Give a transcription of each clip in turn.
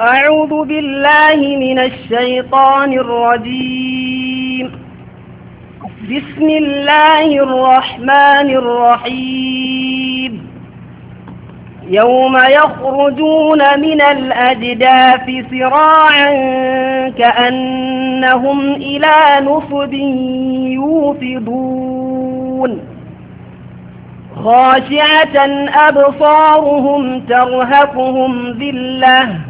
أعوذ بالله من الشيطان الرجيم بسم الله الرحمن الرحيم يوم يخرجون من الأجداف سراعا كأنهم إلى نصب يوفضون خاشعة أبصارهم ترهقهم ذِلَّةٌ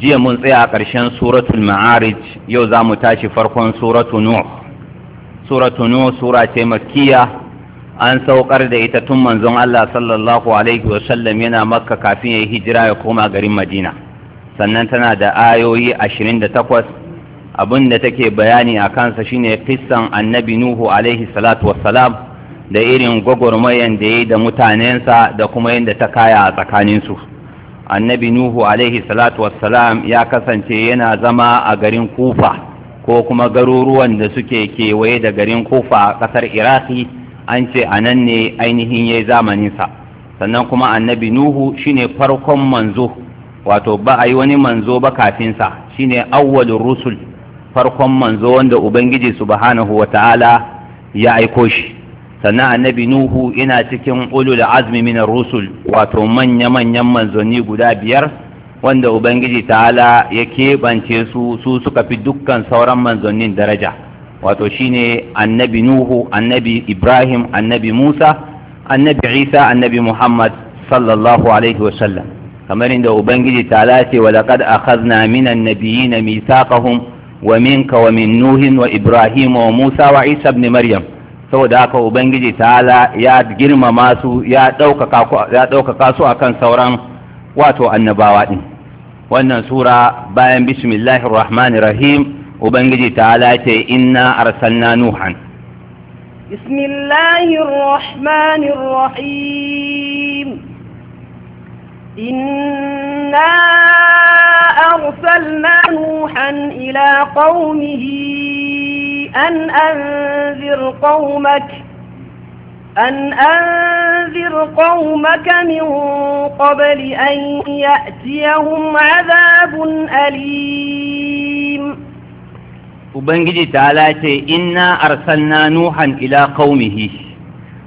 jiya mun tsaya a ƙarshen suratul ma'arij yau za mu tashi farkon suratul nuh suratul nuh sura ce makkiya an saukar da ita tun manzon Allah sallallahu alaihi wa sallam yana makka kafin ya yi hijira ya koma garin Madina sannan tana da ayoyi 28 abin da take bayani a kansa shine kissan annabi Nuhu alaihi salatu wassalam da irin gwagwarmayan da ya yi da mutanensa da kuma yadda ta kaya a tsakaninsu. su annabi nuhu alaihi salatu wassalam ya kasance yana zama a garin kufa ko kuma garuruwan da suke kewaye da garin kufa a ƙasar iraki an ce a nan ne ainihin ya yi zamaninsa sannan kuma annabi nuhu shine farkon manzo wato ba a yi wani manzo ba kafinsa shine awwalin rusul farkon manzo wanda ubangiji subhanahu wa ta'ala ya aiko shi sannan annabi nuhu ina cikin ulul azmi min rusul wato manya manyan manzanni guda biyar wanda ubangiji ta'ala ya keɓance su su suka fi dukkan sauran manzannin daraja wato shine annabi nuhu annabi ibrahim annabi musa annabi isa annabi muhammad sallallahu alaihi wasallam kamar inda ubangiji ta'ala ce wa laqad akhadna minan nabiyina mithaqahum wa minka wa min nuhin wa ibrahim wa musa wa isa ibn maryam saboda haka ubangiji ta'ala ya girmama su ya ɗaukaka su akan sauran wato annabawa ɗin wannan sura bayan bismillahir rahmanir rahim ubangiji ta'ala ce inna arsalna nuhan bismillahir rahmanir rahim inna arsalna nuhan ila qaumihi أن أنذر قومك أن أنذر قومك من قبل أن يأتيهم عذاب أليم Ubangiji ta ce, Inna arsalna Nuhan ila qaumihi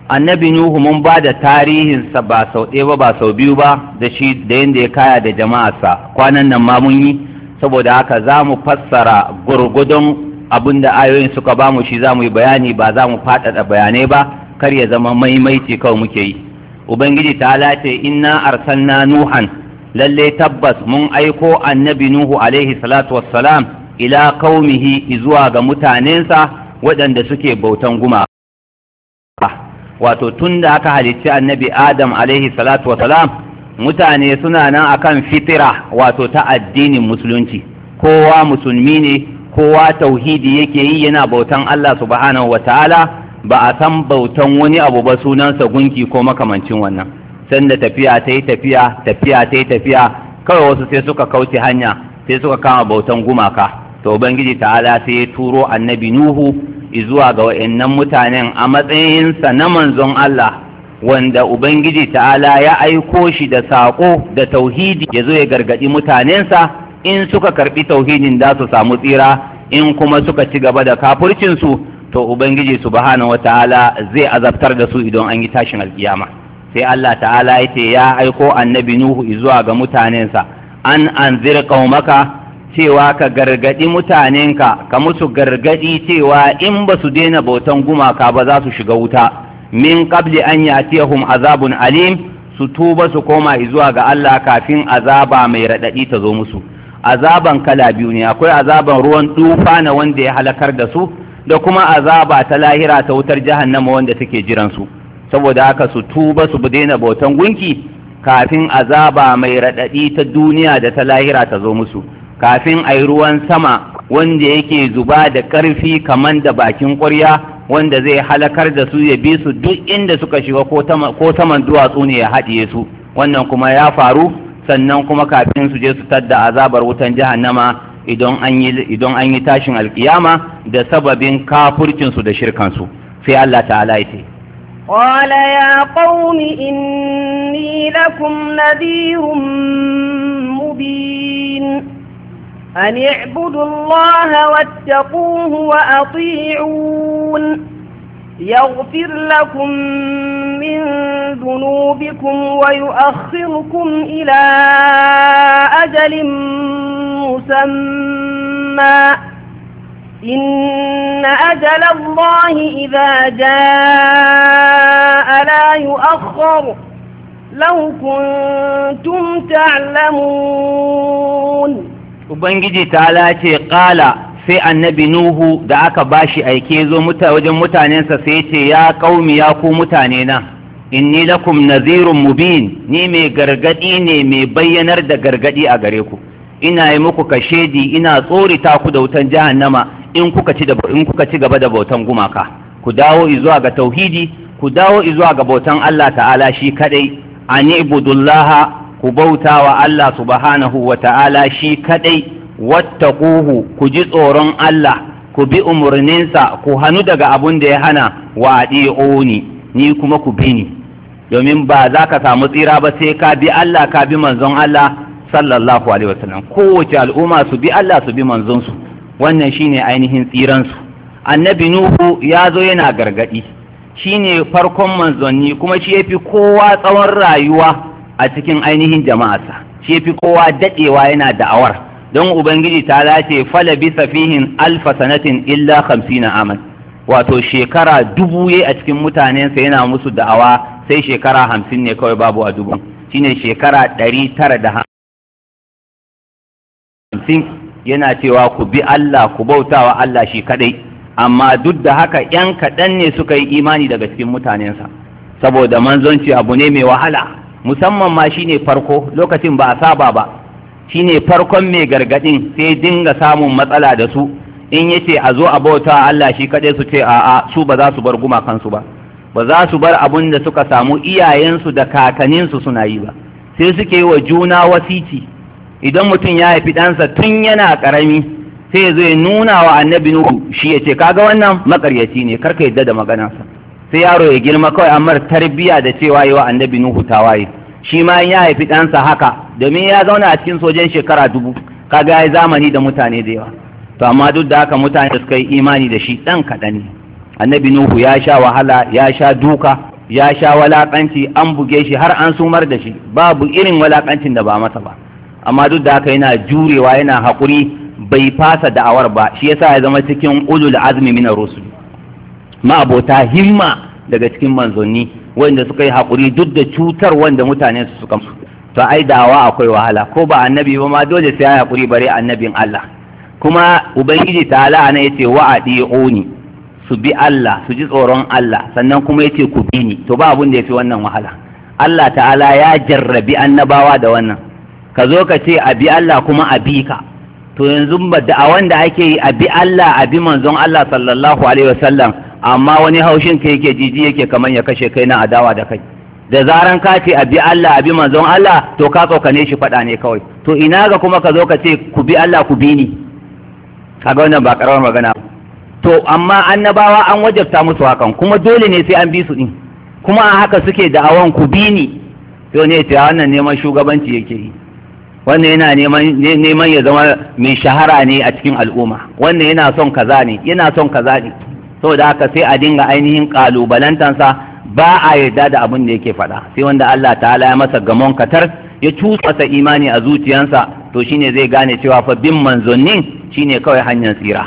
annabi Nuhu mun ba da tarihinsa ba sau ɗaya ba ba sau biyu ba da shi da yadda ya kaya da jama'arsa kwanan nan ma mun yi saboda haka za mu fassara gurgudun abin da ayoyin suka ba mu shi za mu yi bayani ba za mu faɗaɗa bayanai ba kar ya zama maimaici kawai muke yi ubangiji ta lace inna arsalna nuhan lalle tabbas mun aiko annabi nuhu alaihi salatu wassalam ila kaumihi zuwa ga mutanensa waɗanda suke bautan guma wato tun da aka halicci annabi adam alaihi salatu wassalam mutane suna nan akan fitira wato ta addinin musulunci kowa musulmi ne kowa tauhidi yake yi yana bautan Allah subhanahu ta’ala ba a san bautan wani abu ba sunansa gunki ko makamancin wannan sanda tafiya ta yi tafiya tafiya ta yi tafiya kawai wasu sai suka kauce hanya sai suka kama bautan gumaka to ubangiji ta'ala sai ya turo annabi nuhu zuwa ga wa'annan mutanen a matsayinsa na manzon Allah wanda ubangiji ta'ala ya aiko shi da saƙo da tauhidi ya zo ya gargaɗi mutanensa in suka karbi tauhidin da su samu tsira in kuma suka ci gaba da kafurcinsu to ubangiji subhanahu wataala zai azabtar da su idan an yi tashin alkiyama sai Allah ta'ala ya ce ya aiko annabi Nuhu zuwa ga mutanensa an anzir qaumaka cewa ka gargadi mutanenka ka musu gargadi cewa in ba su daina bautan gumaka ba za su shiga wuta min qabli an yatiyahum azabun alim su tuba su koma zuwa ga Allah kafin azaba mai radadi ta zo musu azaban kala biyu ne akwai azaban ruwan tsufa na wanda ya halakar da su da kuma azaba ta lahira ta wutar jahannama wanda take jiran su saboda haka su tuba su na bautan gunki kafin azaba mai raɗaɗi ta duniya da ta lahira ta zo musu kafin a yi ruwan sama wanda yake zuba da ƙarfi kaman da bakin ƙwarya wanda zai halakar da su ya bi su duk inda suka shiga ko saman duwatsu ne ya haɗiye su wannan kuma ya faru sannan kuma kafin su je su tadda azabar wutan jahannama idan an yi idan an yi tashin alkiyama da sababin kafurcin su da shirkan su sai Allah ta'ala ya ce قال يا قوم إني لكم نذير مبين أن اعبدوا الله واتقوه وأطيعون يغفر لكم من ذنوبكم ويؤخركم إلى أجل مسمى إن أجل الله إذا جاء لا يؤخر لو كنتم تعلمون وبنجي تعالى قال sai annabi nuhu da aka bashi aike zo wajen mutanensa sai ce ya kaumi ya ku mutane na inni lakum nazirun mubin ni mai gargadi ne mai bayyanar da gargadi a gare ku ina yi muku kashedi ina tsorita ku da wutan jahannama in kuka ci in kuka ci gaba da bautan gumaka ku dawo zuwa ga tauhidi ku dawo zuwa ga bautan Allah ta'ala shi kadai ani ibudullaha ku bauta wa Allah subhanahu wa ta'ala shi kadai wattaquhu ku ji tsoron Allah ku bi umarninsa ku hannu daga abun da ya hana wa ni ni kuma ku bi ni domin ba za ka samu tsira ba sai ka bi Allah ka bi manzon Allah sallallahu alaihi wasallam kowace al'umma su bi Allah su bi manzon su wannan shine ainihin tsiran su annabi nuhu ya zo yana gargadi shine farkon manzonni kuma shi yafi kowa tsawon rayuwa a cikin ainihin jama'arsa shi yafi kowa dadewa yana da'awar don ubangiji ta lace fala bi safihin alfa sanatin illa khamsina aman wato shekara dubu ya a cikin mutanensa yana musu da'awa sai shekara hamsin ne kawai babu a dubu shine shekara ɗari tara da hamsin yana cewa ku bi Allah ku bautawa Allah shi kadai amma duk da haka ‘yan kaɗan ne suka yi imani daga cikin mutanensa saboda manzonci abu ne mai wahala musamman ma shine farko lokacin ba a saba ba shine farkon mai gargadin sai dinga samun matsala da su in yace a zo a bauta Allah shi kaɗai su ce a'a su ba za su bar gumakansu ba ba za su bar abun da suka samu iyayensu da kakaninsu suna yi ba sai suke yi wa juna wasiti idan mutum ya haifi ɗansa tun yana ƙarami sai zai nuna wa annabi nuhu shi ya ce kaga wannan makaryaci ne karka yadda da maganarsa sai yaro ya girma kawai amma tarbiyya da cewa yi wa annabi nuhu tawaye shi ma ya haifi ɗansa haka domin ya zauna a cikin sojan shekara dubu kaga ya zamani da mutane da yawa to amma duk da haka mutane suka yi imani da shi ɗan kaɗan ne annabi nuhu ya sha wahala ya sha duka ya sha walaƙanci an buge shi har an sumar da shi babu irin walaƙancin da ba masa ba amma duk da haka yana jurewa yana haƙuri bai fasa da'awar ba shi yasa ya zama cikin ulul azmi min rusul ma abota himma daga cikin manzanni wanda suka yi haƙuri duk da cutar wanda mutane su suka musu to ai dawa akwai wahala ko ba annabi ba ma dole sai ya haƙuri bare annabin Allah kuma ubangiji ta'ala ana yace wa'adi uni su bi Allah su ji tsoron Allah sannan kuma yace ku bi ni to ba abun da yafi wannan wahala Allah ta'ala ya jarrabi annabawa da wannan ka zo ka ce a bi Allah kuma a bi ka to yanzu da'awan da ake yi a bi Allah a bi manzon Allah sallallahu alaihi wasallam amma wani haushin ka yake jiji yake kamar ya kashe kai na adawa da kai da zaran ka ce a bi Allah a bi manzon Allah to ka tsokane shi faɗa ne kawai to ina ga kuma ka zo ka ce ku bi Allah ku bi ni kaga wannan ba karamar magana to amma annabawa an wajabta musu hakan kuma dole ne sai an bi su din kuma a haka suke da awan ku bi ni to ne ta wannan neman shugabanci yake yi wannan yana neman ya zama mai shahara ne a cikin al'umma wannan yana son kaza ne yana son kaza ne saboda haka sai a dinga ainihin kalubalantansa ba a yarda da abin da yake faɗa sai wanda Allah ta'ala ya masa gamon katar ya cusa imani a zuciyansa to shine zai gane cewa fa bin manzonin shine kawai hanyar tsira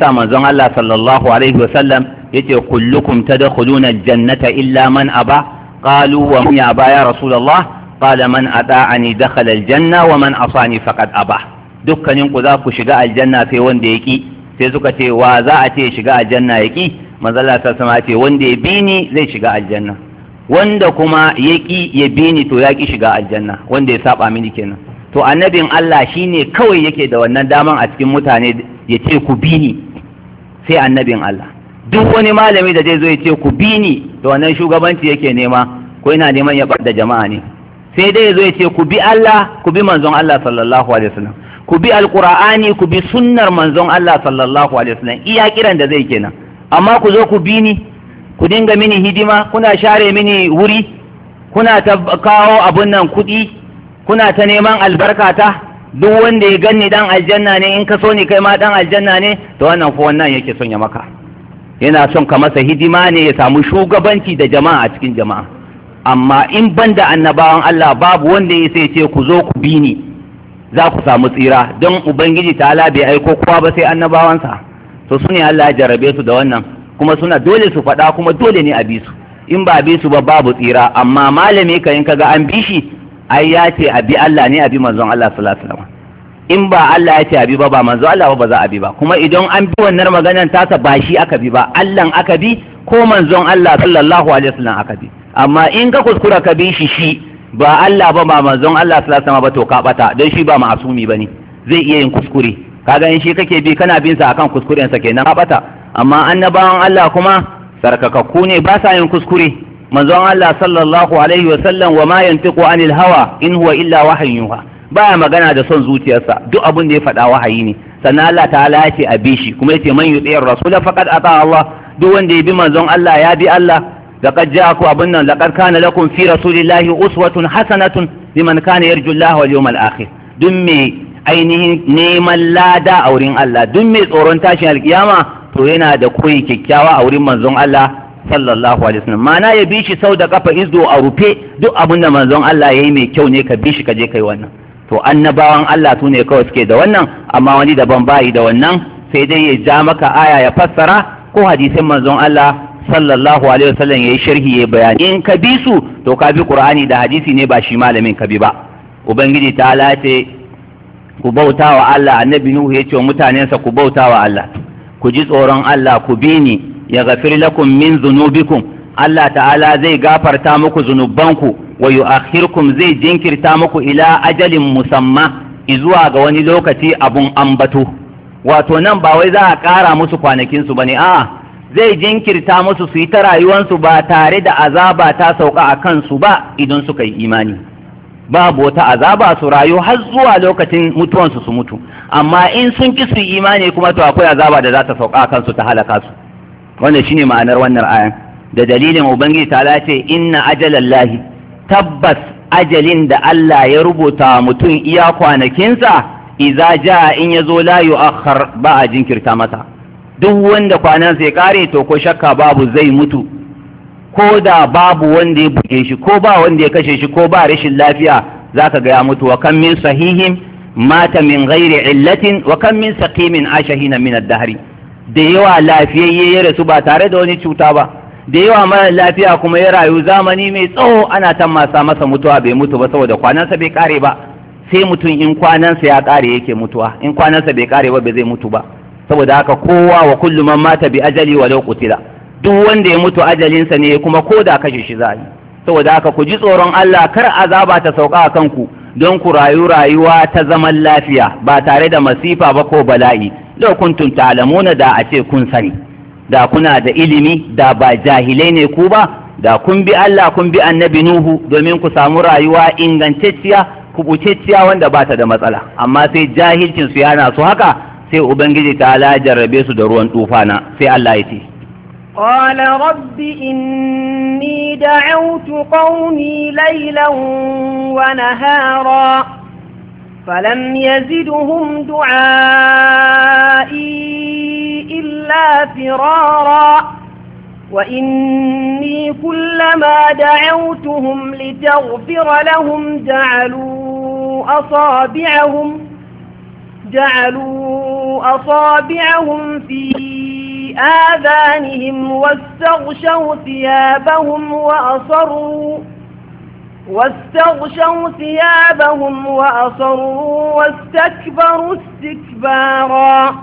sa manzon Allah sallallahu alaihi wasallam yace kullukum tadkhuluna aljannata illa man aba qalu wa man aba ya rasulullah qala man ata'ani dakhala aljanna wa man asani faqad aba dukkaninku ku za ku shiga aljanna sai wanda ya ki. sai suka ce wa za a ce shiga aljanna ya ƙi manzala ta sama ce wanda ya bi ni zai shiga aljanna wanda kuma ya ƙi ya bi ni to ya ƙi shiga aljanna wanda ya saba mini kenan to annabin Allah shine kawai yake da wannan daman a cikin mutane ya ce ku bi ni sai annabin Allah duk wani malami da zai zo ya ce ku bi ni da wannan shugabanci yake nema ko yana neman ya da jama'a ne sai dai ya zo ya ce ku bi Allah ku bi manzon Allah sallallahu alaihi wasallam ku bi Alkur'ani, ku bi sunnar manzon Allah sallallahu alaihi wasallam iya kiran da zai kenan amma ku zo ku bi ni ku dinga mini hidima kuna share mini wuri kuna ta kawo abun nan kuɗi kuna ta neman albarkata duk wanda ya ganni dan aljanna ne in ka so ni kai ma dan aljanna ne to wannan ko wannan yake son ya maka yana son ka masa hidima ne ya samu shugabanci da jama'a a cikin jama'a amma in banda annabawan Allah babu wanda ya sai ce ku zo ku bi ni za ku samu tsira don ubangiji ta ala bai aiko kowa ba sai annabawansa to su ne Allah ya jarrabe su da wannan kuma suna dole su faɗa kuma dole ne a bi su in ba bi su ba babu tsira amma malami ka in kaga an bi shi ai ya ce a bi Allah ne a bi manzon Allah sallallahu alaihi wasallam in ba Allah ya ce a bi ba ba manzon Allah ba za a bi ba kuma idan an bi wannan maganar tasa ba shi aka bi ba Allah aka bi ko manzon Allah sallallahu alaihi wasallam aka bi amma in ka kuskura ka bi shi shi ba Allah ba ba manzon Allah sallallahu alaihi ba to ka bata dan shi ba ma'asumi bane zai iya yin kuskure kaga in shi kake bi kana bin sa akan kuskuren sa kenan ka bata amma annabawan Allah kuma sarkakakku ne ba sa yin kuskure manzon Allah sallallahu alaihi wa wa ma yantiqu anil hawa in huwa illa wahyuha baya magana da son zuciyarsa duk abin da ya faɗa wahayi ne sannan Allah ta'ala ya ce a bi shi kuma ya ce man yuti'ir rasul faqad ata Allah duk wanda ya bi manzon Allah ya bi Allah laqad ja'akum abun nan laqad kana lakum fi rasulillahi uswatun Hassanatu liman kana yarju Allah wal yawmal akhir duk mai ainihin neman lada a wurin Allah duk mai tsoron tashin alkiyama to yana da koyi kyakkyawa a wurin manzon Allah sallallahu alaihi wasallam mana ya bi shi sau da kafa izdo a rufe duk abin da manzon Allah yayi mai kyau ne ka bi shi ka je kai wannan to annabawan Allah su kawai suke da wannan amma wani daban bayi da wannan sai dai ya ja maka aya ya fassara ko hadisin manzon Allah sallallahu alaihi wasallam yayi sharhi yayi bayani in ka bi su to ka bi qur'ani da hadisi ne ba shi malamin ka bi ba ubangiji ta ce ku bauta wa Allah annabi nuhu yace wa mutanensa ku bauta wa Allah ku ji tsoron Allah ku bi ni ya ghafir lakum min dhunubikum Allah ta'ala zai gafarta muku zunubanku wa yu'akhirkum zai jinkirta muku ila ajalin musamma izuwa ga wani lokaci abun ambatu. wato nan ba wai za a kara musu kwanakinsu ba ne a'a zai jinkirta musu su yi ta rayuwansu ba tare da azaba ta sauka a kansu ba idan suka yi imani babu wata azaba su rayu har zuwa lokacin mutuwansu su mutu amma in sun ki su yi imani kuma to akwai azaba da za ta sauka a kansu ta halaka su wannan shine ma'anar wannan ayan da dalilin ubangiji ta ce inna ajalallahi tabbas ajalin da Allah ya rubuta mutum iya kwanakinsa idza jaa in yazo la yu'akhkhar ba a jinkirta masa duk wanda kwanan sai kare to ko shakka babu zai mutu ko da babu wanda ya buge shi ko ba wanda ya kashe shi ko ba rashin lafiya za ka gaya mutu wa kan min sahihin mata min ghairi illatin wa kan min saqimin ashahina min ad-dahri da yawa lafiyayye ya rasu ba tare da wani cuta ba da yawa mara lafiya kuma ya rayu zamani mai tsawo ana ta masa mutuwa bai mutu ba saboda kwanansa bai kare ba sai mutum in kwanansa ya kare yake mutuwa in kwanansa bai kare ba bai zai mutu ba saboda haka kowa wa kullu man mata bi ajali walau qutila duk wanda ya mutu ajalinsa ne kuma ko da kashe shi za yi saboda haka ku ji tsoron Allah kar azaba ta sauka a kanku don ku rayu rayuwa ta zaman lafiya ba tare da masifa ba ko bala'i lau kuntum ta'lamuna da a ce kun sani da kuna da ilimi da ba jahilai ne ku ba da kun bi Allah kun bi annabi Nuhu domin ku samu rayuwa ingantacciya kubutacciya wanda ba ta da matsala amma sai jahilcin su yana su haka sai ubangiji ta ala jarrabe su da ruwan tufana sai Allah ya ce قال رب إني دعوت قومي ليلا ونهارا فلم يزدهم دعائي إلا فرارا وإني كلما دعوتهم لتغفر لهم جعلوا أصابعهم جعلوا أصابعهم في آذانهم واستغشوا ثيابهم وأصروا واستغشوا ثيابهم وأصروا واستكبروا استكبارا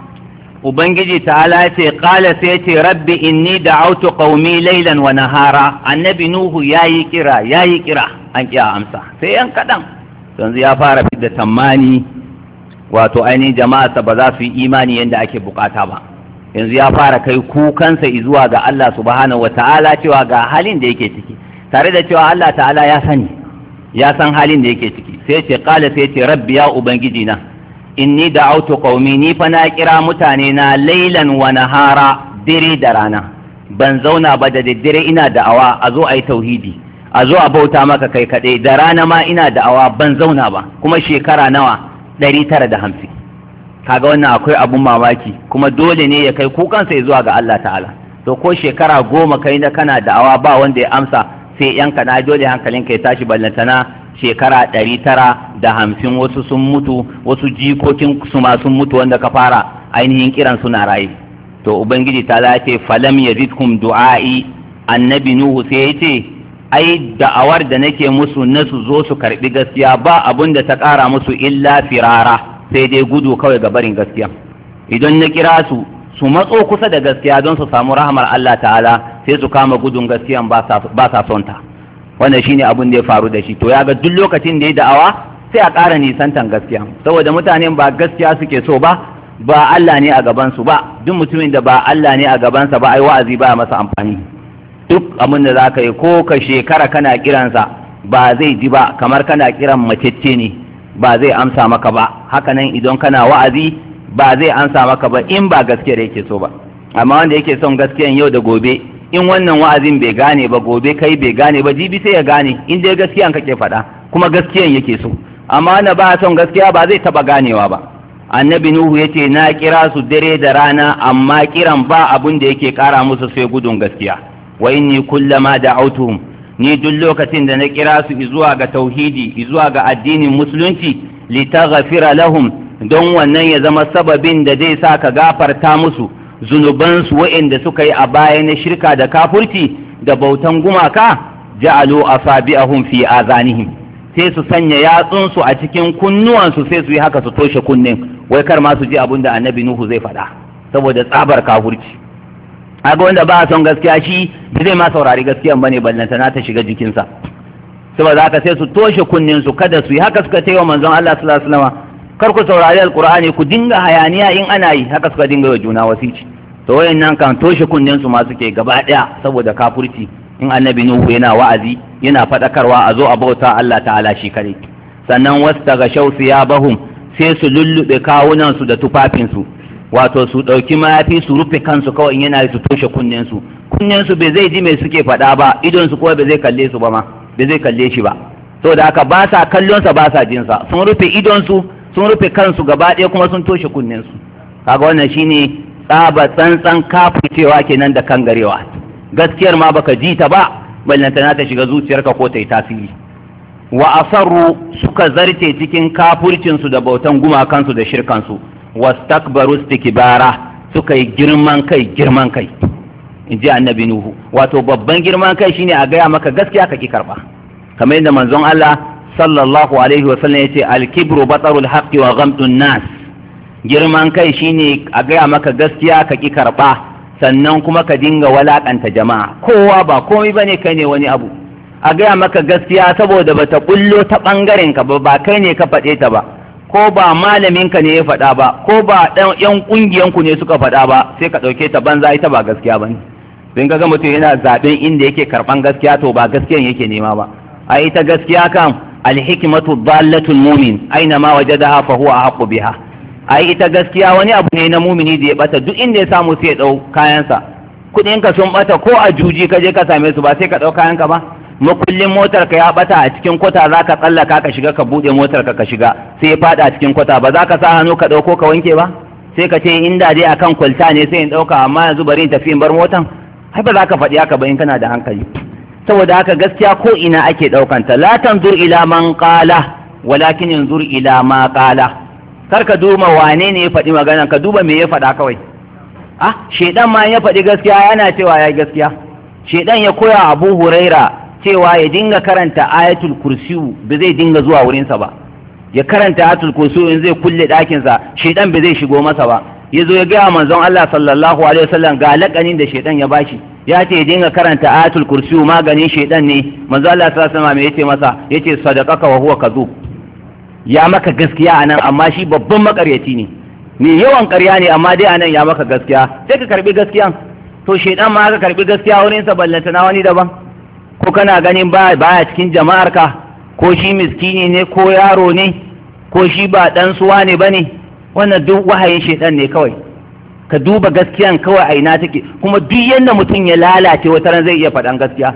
Ubangiji ta'ala ce ƙala sai ce rabbi inni da autu qaumi lailan wa nahara annabi nuhu yayi kira yayi kira an kiya amsa sai yan kaɗan. yanzu ya fara fidda tammani wato ainihin jama'arsa ba za su yi imani yadda ake bukata ba yanzu ya fara kai kukansa zuwa ga Allah subhanahu wata'ala cewa ga halin da yake ciki tare da cewa Allah ta'ala ya sani ya san halin da yake ciki sai ce kala sai ce rabbi ya ubangiji na inni auto kaumi ni fa na kira mutane na lailan wa nahara dare da rana ban zauna ba da daddare ina da'awa a zo ayi tauhidi a zo a bauta maka kai kaɗai da rana ma ina da'awa ban zauna ba kuma shekara nawa ɗari tara da hamsin kaga wannan akwai abun mamaki kuma dole ne ya kai kukansa ya zuwa ga Allah ta'ala to ko shekara goma kai na kana da'awa ba wanda ya amsa sai yanka na dole hankalinka ya tashi ballantana shekara ɗari tara da hamsin wasu sun mutu wasu jikokin su ma sun mutu wanda ka fara ainihin kiran suna raye to ubangiji ta ce falam ya yazidkum du'a'i annabi nuhu sai ya ce ai da'awar da nake musu na su zo su karbi gaskiya ba abun da ta kara musu illa firara sai dai gudu kawai ga barin gaskiya idan na kira su su matso kusa da gaskiya don su samu rahamar Allah ta'ala sai su kama gudun gaskiya ba sa son ta wannan shine abun da ya faru da shi to ya ga duk lokacin da ya da'awa sai a ƙara nisantan gaskiya saboda mutanen ba gaskiya suke so ba ba Allah ne a gabansu ba duk mutumin da ba Allah ne a gabansa ba ai wa'azi ba masa amfani duk abin da za ka yi ko ka shekara kana kiransa ba zai ji ba kamar kana kiran macece ne ba zai amsa maka ba hakanan idan kana wa'azi ba zai amsa maka ba in ba gaskiyar yake so ba amma wanda yake son gaskiyan yau da gobe in wannan wa'azin bai gane ba gobe kai bai gane ba jibi sai ya gane in dai gaskiyan kake faɗa kuma gaskiyan yake so amma wanda ba son gaskiya ba zai taba ganewa ba annabi nuhu ya ce na kira su dare da rana amma kiran ba abin da yake kara musu sai gudun gaskiya wa inni kullama da'awtuhum ni duk lokacin da na kira su zuwa ga tauhidi zuwa ga addinin musulunci litaghfira lahum don wannan ya zama sababin da zai sa ka gafarta musu zunubansu wa'anda suka yi a baya na shirka da kafurci da bautan gumaka ja'alu asabi'ahum fi azanihim sai su sanya yatsunsu a cikin kunnuwansu sai su yi haka su toshe kunnen wai kar ma su ji abin da annabi nuhu zai faɗa saboda tsabar kafurci aga wanda ba a son gaskiya shi da zai ma saurari gaskiyan bane ballanta na ta shiga jikinsa saboda haka sai su toshe kunnin su kada su yi haka suka taiwa manzon Allah sallallahu alaihi wasallam kar ku saurari alqur'ani ku dinga hayaniya in ana yi haka suka dinga yi juna wasici to wayannan kan toshe kunnen su ma suke gaba daya saboda kafurci in annabi nuhu yana wa'azi yana fadakarwa a zo a bauta Allah ta'ala shi kare sannan wasta ga shausu ya bahum sai su lullube kawunan su da tufafin su wato su ɗauki mayafi su rufe kansu kawai in yana su toshe kunnensu kunnensu bai zai ji mai suke faɗa ba idonsu kuma bai zai kalle su ba ma bai zai kalle shi ba saboda haka ba sa kallonsa ba sa jinsa sun rufe idonsu sun rufe kansu gaba ɗaya kuma sun toshe kunnensu kaga wannan shine tsaba tsantsan kafircewa kenan da kan garewa gaskiyar ma baka ji ta ba ballantana ta shiga zuciyarka ko ta yi tasiri wa asarru suka zarce cikin kafurcinsu da bautan gumakansu da shirkansu wastakbaru istikbara suka yi girman kai girman kai in ji annabi nuhu wato babban girman kai shine a gaya maka gaskiya kaki karba kamar yadda manzon Allah sallallahu alaihi wa sallam yace al-kibru batarul haqqi wa ghamtun nas girman kai shine a gaya maka gaskiya kaki karba sannan kuma ka dinga walakanta jama'a kowa ba komai bane kai ne wani abu a gaya maka gaskiya saboda bata bullo ta bangaren ka ba ba kai ne ka faɗe ta ba ko ba malaminka ne ya faɗa ba ko ba ɗan ƙungiyanku ne suka faɗa ba sai ka ɗauke ta banza ita ba gaskiya ba ne don ga mutum yana zaɓen inda yake karɓan gaskiya to ba gaskiyan yake nema ba a ita gaskiya kan alhikimatu dallatul mumin aina ma wajadaha fa huwa A biha a ita gaskiya wani abu ne na mumini da ya bata duk inda ya samu sai ya ɗau kayansa kuɗinka sun bata ko a juji ka je ka same su ba sai ka ɗau kayanka ba Mukullin motar ka ya bata a cikin kwata za ka tsallaka ka shiga ka buɗe motar ka ka shiga sai ya fada a cikin kwata ba za ka sa hannu ka ɗauko ka wanke ba sai ka ce inda dai kan kwalta ne sai in ɗauka amma yanzu bari in tafi in bar motan ai ba za ka faɗi haka ba in kana da hankali saboda haka gaskiya ko ina ake ɗaukanta la tanzur ila man qala walakin yanzur ila ma qala kar ka duba wane ne ya faɗi magana ka duba me ya faɗa kawai ah shedan ma ya faɗi gaskiya yana cewa ya gaskiya shedan ya koya Abu Huraira cewa ya dinga karanta ayatul kursiyu ba zai dinga zuwa wurinsa ba ya karanta ayatul kursiyu in zai kulle ɗakinsa shaidan ba zai shigo masa ba ya zo ya gaya manzon Allah sallallahu alaihi wasallam ga lakanin da shaidan ya bashi ya ce ya dinga karanta ayatul kursiyu maganin shaidan ne manzon Allah sallallahu alaihi wasallam ya ce masa yace sadaqaka wa huwa kadhub ya maka gaskiya anan amma shi babban makaryaci ne ne yawan ƙarya ne amma dai anan ya maka gaskiya sai ka karbi gaskiya to shaidan ma ka karbi gaskiya wurin sa ballantana wani daban ko kana ganin ba baya cikin jama'arka ko shi miskini ne ko yaro ne ko shi ba dan suwa ne bane wannan duk wahayin shedan ne kawai ka duba gaskiyan kawai a ina take kuma duk yanda mutum ya lalace wata ran zai iya faɗan gaskiya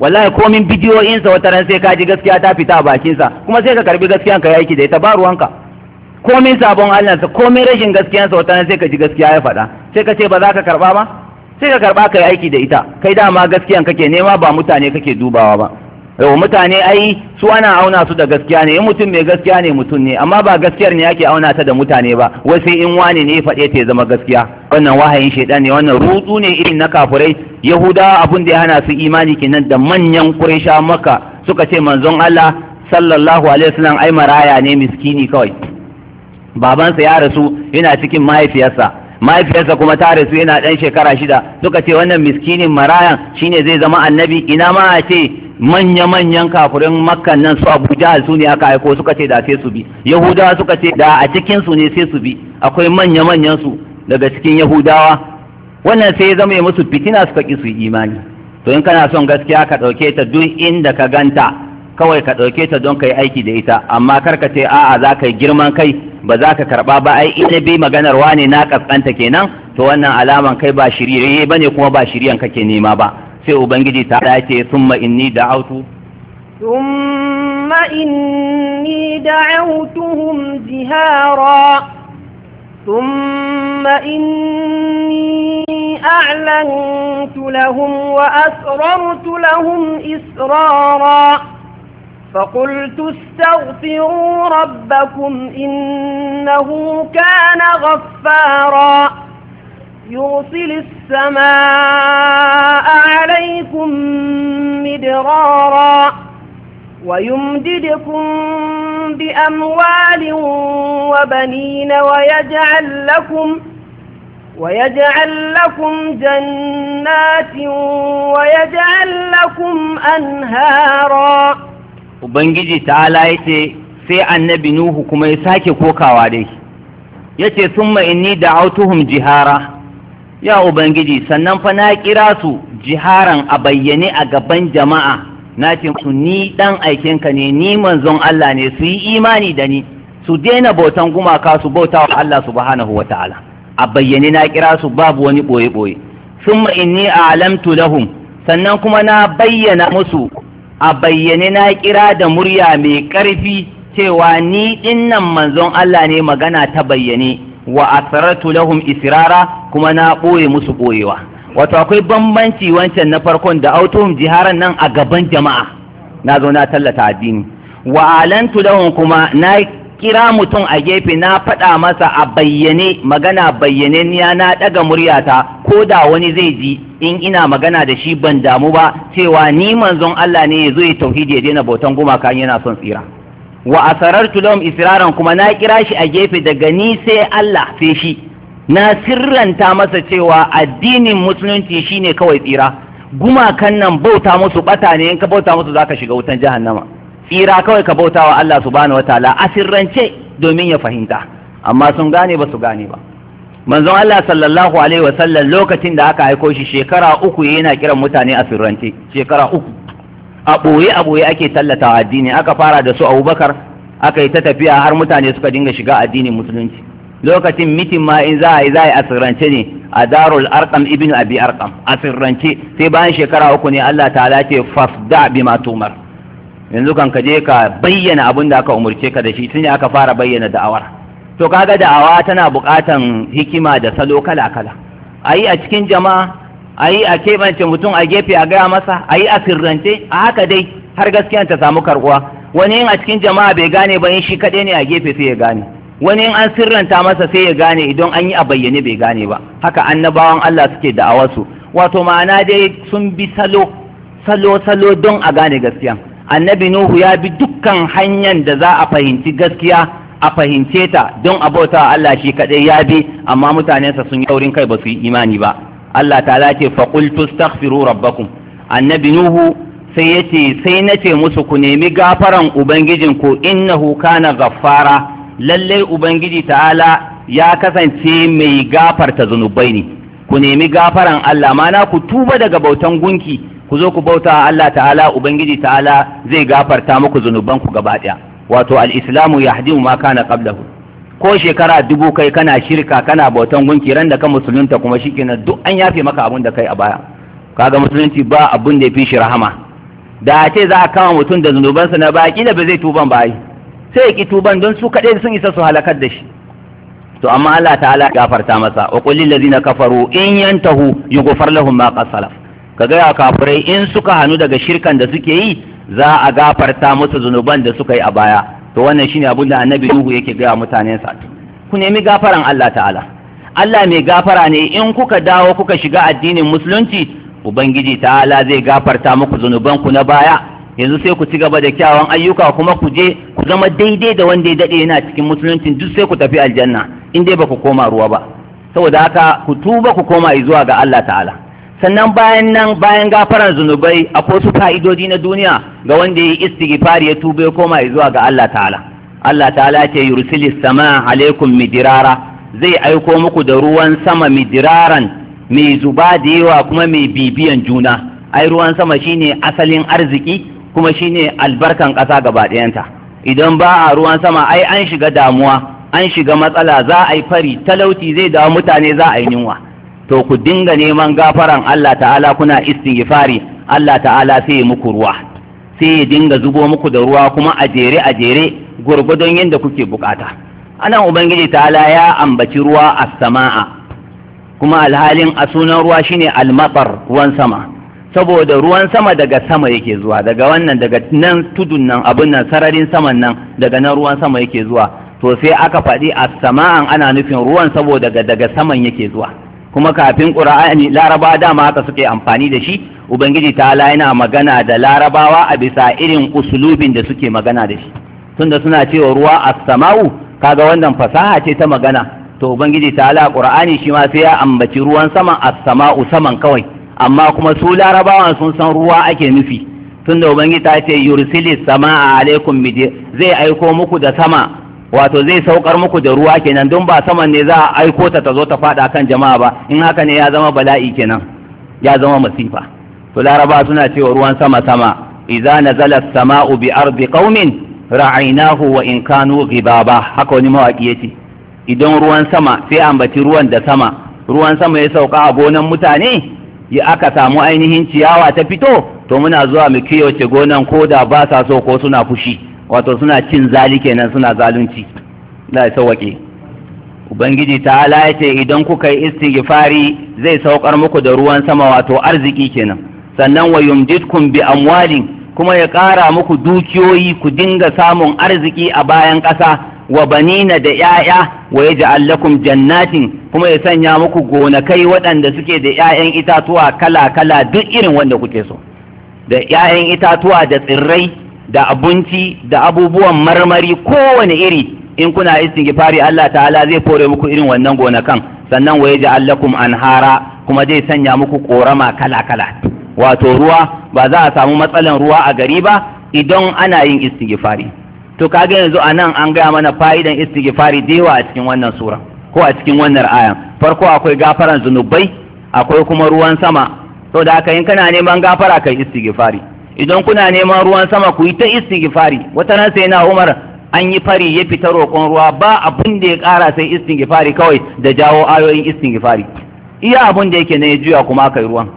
wallahi komin bidiyoyinsa wata ran sai ka ji gaskiya ta fita a bakinsa kuma sai ka karbi gaskiyan ka yaki da ita ba ruwanka komin sabon allansa komin rashin gaskiyansa wata ran sai ka ji gaskiya ya faɗa sai ka ce ba za ka karba ba sai ka karba yi aiki da ita kai dama gaskiyan kake nema ba mutane kake dubawa ba yau mutane ai su ana auna su da gaskiya ne in mutum mai gaskiya ne mutum ne amma ba gaskiyar ne ake auna ta da mutane ba wai sai in wane ne faɗe ta zama gaskiya wannan wahayin shaidan ne wannan rutsu ne irin na kafurai Yahuda, abun da ya hana su imani kenan da manyan kuraisha maka suka ce manzon Allah sallallahu alaihi wasallam ai maraya ne miskini kawai babansa ya rasu yana cikin mahaifiyarsa mahaifiyarsa kuma ta rasu yana ɗan shekara shida suka ce wannan miskinin marayan shine zai zama annabi ina ma a ce manya-manyan kafurin makkan nan su abu jahal su ne aka aiko suka ce da sai su bi yahudawa suka ce da a cikin su ne sai su bi akwai manya-manyan su daga cikin yahudawa wannan sai ya zama ya musu fitina suka ƙi su imani to in kana son gaskiya ka ɗauke ta duk inda ka ganta kawai ka ɗauke ta don ka yi aiki da ita amma kar ka ce a'a za ka yi girman kai ba za ka karɓa ba ai ina bi maganar wane na kaskanta kenan to wannan alaman kai ba shirye ba ne kuma ba shiryan kake nema ba sai ubangiji ta ce summa inni da'autu ثم إني دعوتهم جهارا ثم إني أعلنت لهم وأسررت لهم إسرارا فقلت استغفروا ربكم إنه كان غفارا يرسل السماء عليكم مدرارا ويمددكم بأموال وبنين ويجعل لكم ويجعل لكم جنات ويجعل لكم أنهاراً ubangiji ta'ala ce sai annabi nuhu kuma ya sake kokawa dai yace ma'ini da Autuhum jihara ya ubangiji sannan fa na kira su jiharan a bayyane a gaban jama'a na ce su ni dan aikinka ne ni manzon Allah ne su yi imani da ni su daina bautan gumaka su bauta wa Allah subhanahu wa ta'ala a bayyane na kira su babu wani boye boye ma'ini a a'lamtu lahum sannan kuma na bayyana musu a bayyane na kira da murya mai ƙarfi cewa ni dinnan manzon Allah ne magana ta bayyane wa asrartu lahum israra kuma na ɓoye musu ɓoyewa wato akwai bambanci wancan na farkon da autohum jiharan nan a gaban jama'a na zo na tallata addini wa alantu lahum kuma na kira mutum a gefe na faɗa masa a bayyane magana bayyane niya na ɗaga muryata ko da wani zai ji in ina magana da shi ban damu ba cewa ni manzon Allah ne ya zo ya tauhidi ya daina bautan gumaka yana son tsira wa asarartu lahum israran kuma na kira shi a gefe daga ni sai Allah sai shi na sirranta masa cewa addinin musulunci shine kawai tsira gumakan nan bauta musu bata ne in ka bauta musu zaka shiga wutan jahannama tsira kawai ka bauta wa Allah subhanahu wataala a sirrance domin ya fahimta amma sun gane ba su gane ba manzon Allah sallallahu alaihi sallam lokacin da aka haiko shi shekara uku yana kiran mutane a sirrance shekara uku a ɓoye a ɓoye ake tallata addini aka fara da su abubakar aka yi ta tafiya har mutane suka dinga shiga addinin musulunci lokacin mitin ma in za a yi za a yi asirrance ne a darul arkam ibn abi arkam asirrance sai bayan shekara uku ne Allah ta'ala ce fasda bima tumar yanzu kan ka je ka bayyana abin da aka umurce ka da shi tun aka fara bayyana da'awar to kaga da'awa tana buƙatan hikima da salo kala kala ayi a cikin jama'a ayi a keɓance mutum a gefe a gaya masa ayi a sirrance a haka dai har gaskiya ta samu karɓuwa, wani yin a cikin jama'a bai gane ba in shi kaɗai ne a gefe sai ya gane wani yin an sirranta masa sai ya gane idan an yi a bayyane bai gane ba haka annabawan Allah suke da'awarsu wato ma'ana dai sun bi salo salo salo don a gane gaskiya annabi nuhu ya bi dukkan hanyar da za a fahimci gaskiya a fahimce ta don abota Allah shi kadai ya bi amma mutanensa sun yi kai ba su yi imani ba Allah ta ce faqultu astaghfiru rabbakum annabi nuhu sai yace sai nace musu ku nemi gafaran ubangijin ku innahu kana ghaffara lalle ubangiji ta'ala ya kasance mai gafarta zunubai ne ku nemi gafaran Allah ma na ku tuba daga bautan gunki ku zo ku bauta Allah ta'ala ubangiji ta'ala zai gafarta muku zunuban ku gaba daya wato al-islamu yahdimu ma kana qablahu ko shekara dubu kai kana shirka kana bautan gunki ran da ka musulunta kuma shikenan duk an yafe maka abun da kai a baya kaga musulunci ba abun da ya shi rahama da a ce za a kama mutum da zunubansa na baya kila ba zai tuban ba yi sai ya ki tuban don su kaɗai sun isa su halakar da shi to amma Allah ta'ala gafarta masa wa qul lil ladzina kafaru in yantahu yughfar lahum ma qad salaf ka gaya kafirai in suka hannu daga shirkan da suke yi za a gafarta musu zunuban da suka yi a baya to wannan shine abin da annabi nuhu yake gaya mutanensa ku nemi gafaran Allah ta'ala Allah mai gafara ne in kuka dawo kuka shiga addinin musulunci ubangiji ta'ala zai gafarta muku zunuban ku na baya yanzu sai ku ci gaba da kyawun ayyuka kuma ku je ku zama daidai da wanda ya dade yana cikin musulunci duk sai ku tafi aljanna in dai ba koma ruwa ba saboda haka ku tuba ku koma zuwa ga Allah ta'ala sannan bayan nan bayan gafarar zunubai akwai wasu fa'idodi na duniya ga wanda ya yi istighifari, ya tube, ya koma zuwa ga Allah ta'ala Allah ta'ala ce yursilis sama alaikum midirara zai aiko muku da ruwan sama midiraran mai zuba da yawa kuma mai bibiyan juna ai ruwan sama shine asalin arziki kuma shine albarkan ƙasa gaba ɗayanta idan ba a ruwan sama ai an shiga damuwa an shiga matsala za a yi fari talauci zai dawo mutane za a yi yunwa to ku dinga neman gafaran Allah ta'ala kuna istighfari Allah ta'ala sai muku ruwa sai ya dinga zubo muku da ruwa kuma a jere a jere gurgudun yadda kuke bukata anan ubangiji ta'ala ya ambaci ruwa a samaa kuma alhalin a sunan ruwa shine almatar ruwan sama saboda ruwan sama daga sama yake zuwa daga wannan daga nan tudun nan abin nan sararin saman nan daga nan ruwan sama yake zuwa to sai aka faɗi a sama'an ana nufin ruwan saboda daga saman yake zuwa kuma kafin ƙura'ani laraba dama haka suke amfani da shi ubangiji ta yana magana da larabawa a bisa irin usulubin da suke magana da shi tunda suna cewa ruwa a samau kaga wannan fasaha ce ta magana to ubangiji ta'ala ƙura'ani shi ma sai ya ambaci ruwan saman a samau saman kawai amma kuma su larabawan sun san ruwa ake nufi tunda ubangiji ta ce yursili sama'a alaikum zai aiko muku da sama wato zai saukar muku da ruwa kenan don ba saman ne za a aiko ta ta zo ta fada kan jama'a ba in haka ne ya zama bala'i kenan ya zama masifa to laraba suna cewa ruwan sama sama idza nazala samau bi ardi qaumin ra'aynahu wa in kanu ghibaba haka wani mawaki yace idan ruwan sama sai ambaci ruwan da sama ruwan sama ya sauka a gonan mutane ya aka samu ainihin ciyawa ta fito to muna zuwa mu kiyoce gonan ko da ba sa so ko suna fushi wato suna cin zali kenan suna zalunci la ya sauwaƙe ubangiji ta'ala ya ce idan kuka yi istighfari zai saukar muku da ruwan sama wato arziki kenan sannan wa yumditkum bi amwalin kuma ya ƙara muku dukiyoyi ku dinga samun arziki a bayan ƙasa wa banina da ‘ya'ya wa ya lakum jannatin kuma ya sanya muku gonakai waɗanda suke da ‘ya'yan itatuwa kala-kala duk irin wanda kuke so da ‘ya'yan itatuwa da tsirrai da abinci da abubuwan marmari kowane iri in kuna istighfari Allah ta'ala zai fore muku irin wannan gonakan sannan waye ja'al an anhara kuma zai sanya muku korama kala-kala wato ruwa ba za a samu matsalan ruwa a gari ba idan ana yin istighfari to kaga yanzu nan an gaya mana fa'idan istighfari da yawa a cikin wannan sura ko a cikin wannan ayan farko akwai gafaran zunubai akwai kuma ruwan sama saboda haka in kana neman gafara kai istighfari idan kuna neman ruwan sama ku yi ta istighfari wata ran sai na Umar an yi fari ya fita roƙon ruwa ba abin da ya ƙara sai istighfari kawai da jawo ayoyin istighfari iya abin da yake na ya juya kuma aka yi ruwan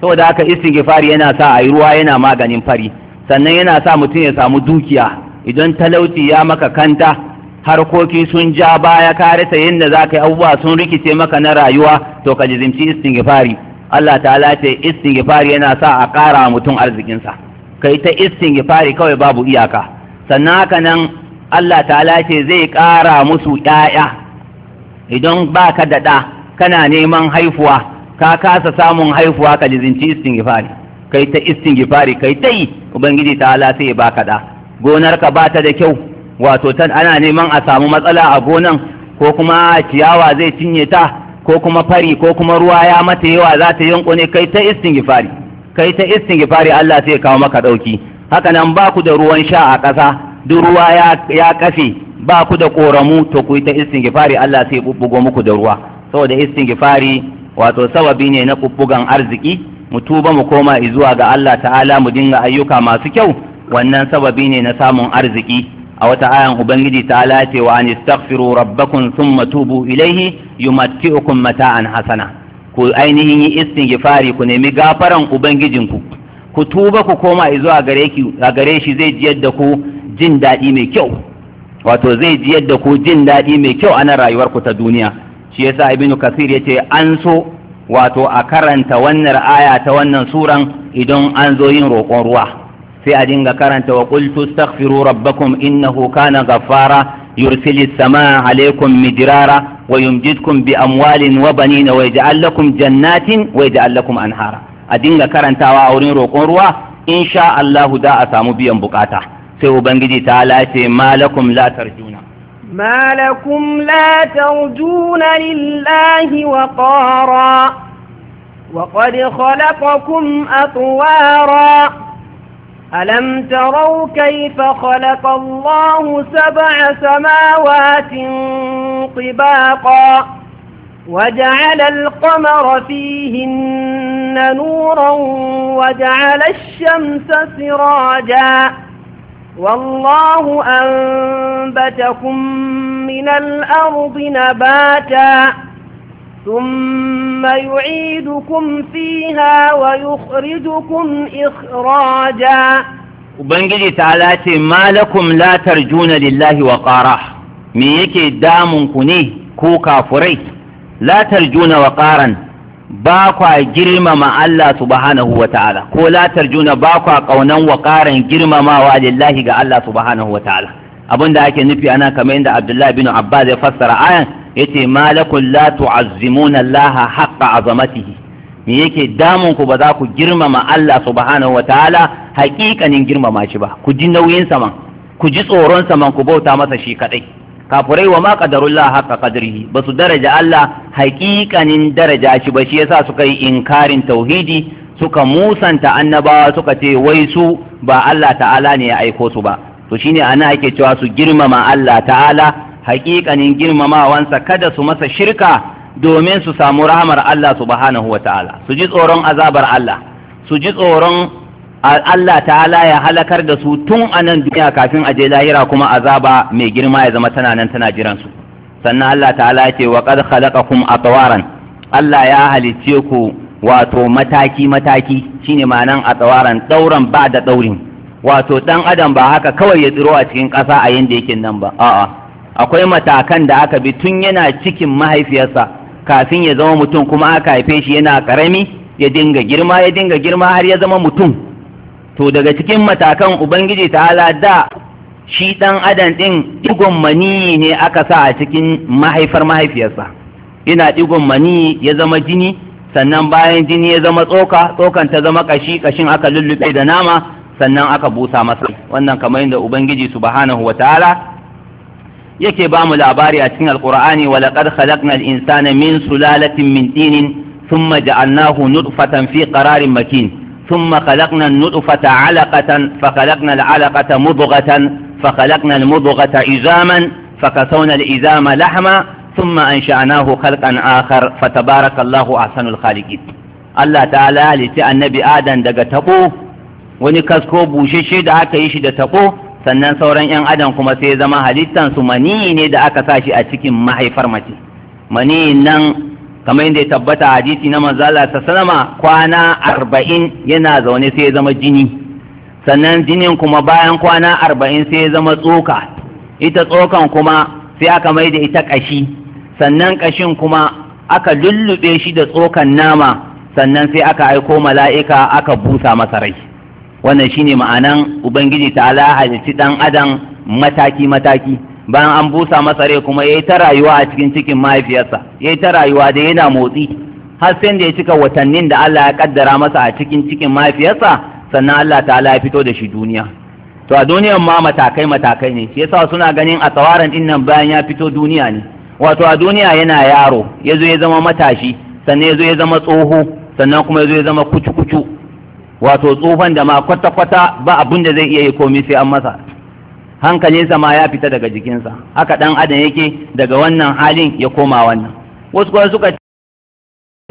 saboda haka istighfari yana sa a yi ruwa yana maganin fari sannan yana sa mutum ya samu dukiya idan talauci ya maka kanta harkoki sun ja baya ka rasa yadda za ka yi abubuwa sun rikice maka na rayuwa to ka jizimci istighfari Allah ta'ala ce istighfar yana sa a ƙara mutum arzikinsa kai ta istighfar kawai babu iyaka sannan haka nan Allah ta'ala ce zai ƙara musu ƴaƴa idan ba ka da kana neman haifuwa ka kasa samun haifuwa ka lizinci istighfar kai ta istighfar kai ta yi ubangiji ta'ala sai ya baka ɗa gonarka ba ta da kyau wato ana neman a samu matsala a gonan ko kuma ciyawa zai cinye ta ko kuma fari ko kuma ruwa ya mata yawa za ta yunkune kai ta istighfari kai ta istighfari Allah sai kawo maka dauki haka nan ba ku da ruwan sha a ƙasa duk ruwa ya kafe ba ku da koramu to ku ta istighfari Allah sai bubbugo muku da ruwa saboda istighfari wato sababi ne na kubbugan arziki mu tuba mu koma zuwa ga Allah ta'ala mu dinga ayyuka masu kyau wannan sababi ne na samun arziki a wata ayan ubangiji ta alace wa an istaghfiru rabbakum thumma tubu ilayhi yumatti'ukum mata'an hasana ku ainihin yi istighfari ku nemi gafaran ubangijinku ku tuba ku koma zuwa gare ki a gare shi zai jiyar da ku jin daɗi mai kyau wato zai jiyar da ku jin dadi mai kyau a rayuwar rayuwarku ta duniya shi yasa ibnu kasir yace an so wato a karanta wannan aya ta wannan suran idan an zo yin roƙon ruwa sai a dinga karanta wa qultu astaghfiru rabbakum innahu kana ghaffara yursilis samaa alaykum mijrara wa yumjidkum bi amwalin wa banina wa yaj'al lakum jannatin wa yaj'al lakum anhara a dinga karantawa a wurin roƙon ruwa insha Allah da a samu biyan bukata sai ubangiji ta lace malakum la tarjuna ما لكم لا ترجون لله وقارا وقد خلقكم أطوارا ألم تروا كيف خلق الله سبع سماوات طباقا وجعل القمر فيهن نورا وجعل الشمس سراجا والله أنبتكم من الأرض نباتا ثم يعيدكم فيها ويخرجكم إخراجا Ubangiji ta ce malakum la tarjuna lillahi wa me yake damunku ne ko kafurai Latar tarjuna wa ƙaran ba kwa girmama Allah subhanahu wa ta'ala ko latar tarjuna ba kwa ƙaunan wa ƙaran girmamawa lillahi ga Allah subhanahu wa ta'ala abinda ake nufi ana kamar inda Abdullahi bin Abbas ya fassara ayan yace malakul la tu'azzimuna Allah haqqa azamatihi me yake damun ku ba za ku girmama Allah subhanahu wataala Hakikanin girmama shi ba ku ji nauyin saman ku ji tsoron saman ku bauta masa shi kadai kafurai wa ma qadarullah haqqa qadrihi ba su daraja Allah hakikanin daraja shi ba shi yasa suka yi inkarin tauhidi suka musanta annabawa suka ce wai su ba Allah ta'ala ne ya aiko su ba to shine ana ake cewa su girmama Allah ta'ala haƙiƙanin girmamawansa kada su masa shirka domin su samu rahamar Allah subhanahu wa ta'ala su ji tsoron azabar Allah su ji tsoron Allah ta'ala ya halakar da su tun a nan duniya kafin aje lahira kuma azaba mai girma ya zama tana nan tana jiran su sannan Allah ta'ala ce wa qad khalaqakum atwaran Allah ya halicce ku wato mataki mataki shine ma'anan atwaran dauran ba da daurin wato dan adam ba haka kawai ya tsiro a cikin ƙasa a yanda yake nan ba a'a akwai matakan da aka bi tun yana cikin mahaifiyarsa kafin ya zama mutum kuma aka haife shi yana karami ya dinga girma ya dinga girma har ya zama mutum to daga cikin matakan ubangiji ta'ala da shi ɗan adam ɗin ɗigon maniyi ne aka sa a cikin mahaifar mahaifiyarsa yana ɗigon maniyi ya zama jini sannan bayan jini ya zama tsoka tsokan ta zama ƙashi ƙashin aka lullube da nama sannan aka busa masa wannan kamar yadda ubangiji subhanahu wa ta'ala yake ba mu labari a cikin alqur'ani wa laqad khalaqna al-insana min sulalatin min tin thumma ja'alnahu nutfatan fi qararin makin thumma khalaqna khalaqna an-nutfata 'alaqatan fa al-'alaqata mudghatan fa khalaqna al-mudghata izaman fa kasawna al-izama lahma thumma ansha'nahu khalqan akhar fa tabarakallahu ahsanul khaliqin Allah ta'ala halitta annabi Adam daga taɓo wani kasko bushashe da aka yi shi da taɓo sannan sauran 'yan adam kuma sai zama su maniyi ne da aka sa shi a cikin mahaifar mace mani nan kamar yadda ya tabbata a hadisi na manzala ta salama kwana arba'in yana zaune sai zama jini sannan jinin kuma bayan kwana arba'in sai zama tsoka ita tsokan kuma sai aka mai da ita kashi sannan ƙashin kuma aka lullube shi da tsokan nama sannan sai aka aiko mala'ika aka busa masa rai wannan shine ma'anan ubangiji ta halitti dan adam mataki mataki bayan an busa masa rai kuma yayi ta rayuwa a cikin cikin mahaifiyarsa yayi ta rayuwa da yana motsi har sai da ya cika watannin da Allah ya kaddara masa a cikin cikin mahaifiyarsa sannan Allah ta'ala ya fito da shi duniya to a duniyan ma matakai matakai ne shi yasa suna ganin a tsawaran din nan bayan ya fito duniya ne wato a duniya yana yaro ya zo ya zama matashi sannan ya zo ya zama tsoho sannan kuma ya zo ya zama kucu-kucu wato tsufan da ma kwata-kwata ba abin da zai iya yi komi sai an masa hankalinsa ma ya fita daga jikinsa haka dan adam yake daga wannan halin ya koma wannan wasu kuma suka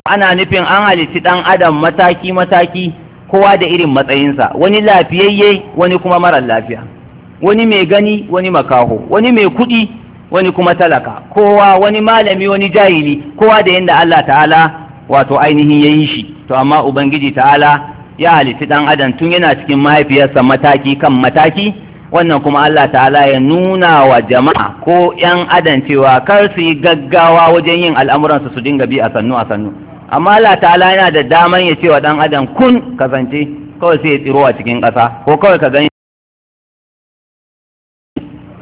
ana nufin an halitti dan adam mataki-mataki kowa da irin matsayinsa wani lafiyayye wani kuma marar lafiya wani mai gani wani makaho wani mai kuɗi wani kuma talaka kowa wani malami wani jahili kowa da yadda Allah ta'ala wato ainihin ya yi shi to amma ubangiji ta'ala ya halifi dan adam tun yana cikin mahaifiyarsa mataki kan mataki wannan kuma Allah ta'ala ya nuna wa jama'a ko yan adam cewa kar su yi gaggawa wajen yin al'amuransu su dinga bi a sannu a sannu amma Allah ta'ala yana da daman ya cewa wa dan adam kun kasance kawai sai ya tsiro a cikin ƙasa ko kawai ka gani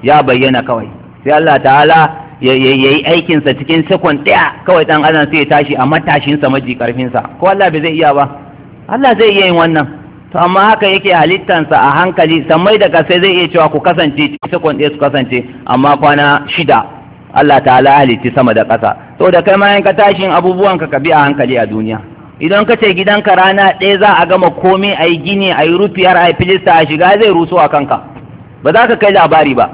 ya bayyana kawai sai Allah ta'ala ya yi aikinsa cikin sekon ɗaya kawai ɗan adam sai ya tashi a matashinsa maji ƙarfinsa ko Allah bai zai iya ba Allah zai iya yin wannan to amma haka yake halittansa a hankali sammai da gaske zai iya cewa ku kasance sekon ɗaya su kasance amma kwana shida Allah ta'ala halitti sama da ƙasa to da kai ma yan ka tashin abubuwan ka bi a hankali a duniya idan ka ce gidanka rana ɗaya za a gama komai a yi gini a yi rufiyar a yi filista a shiga zai rusu a kanka ba za ka kai labari ba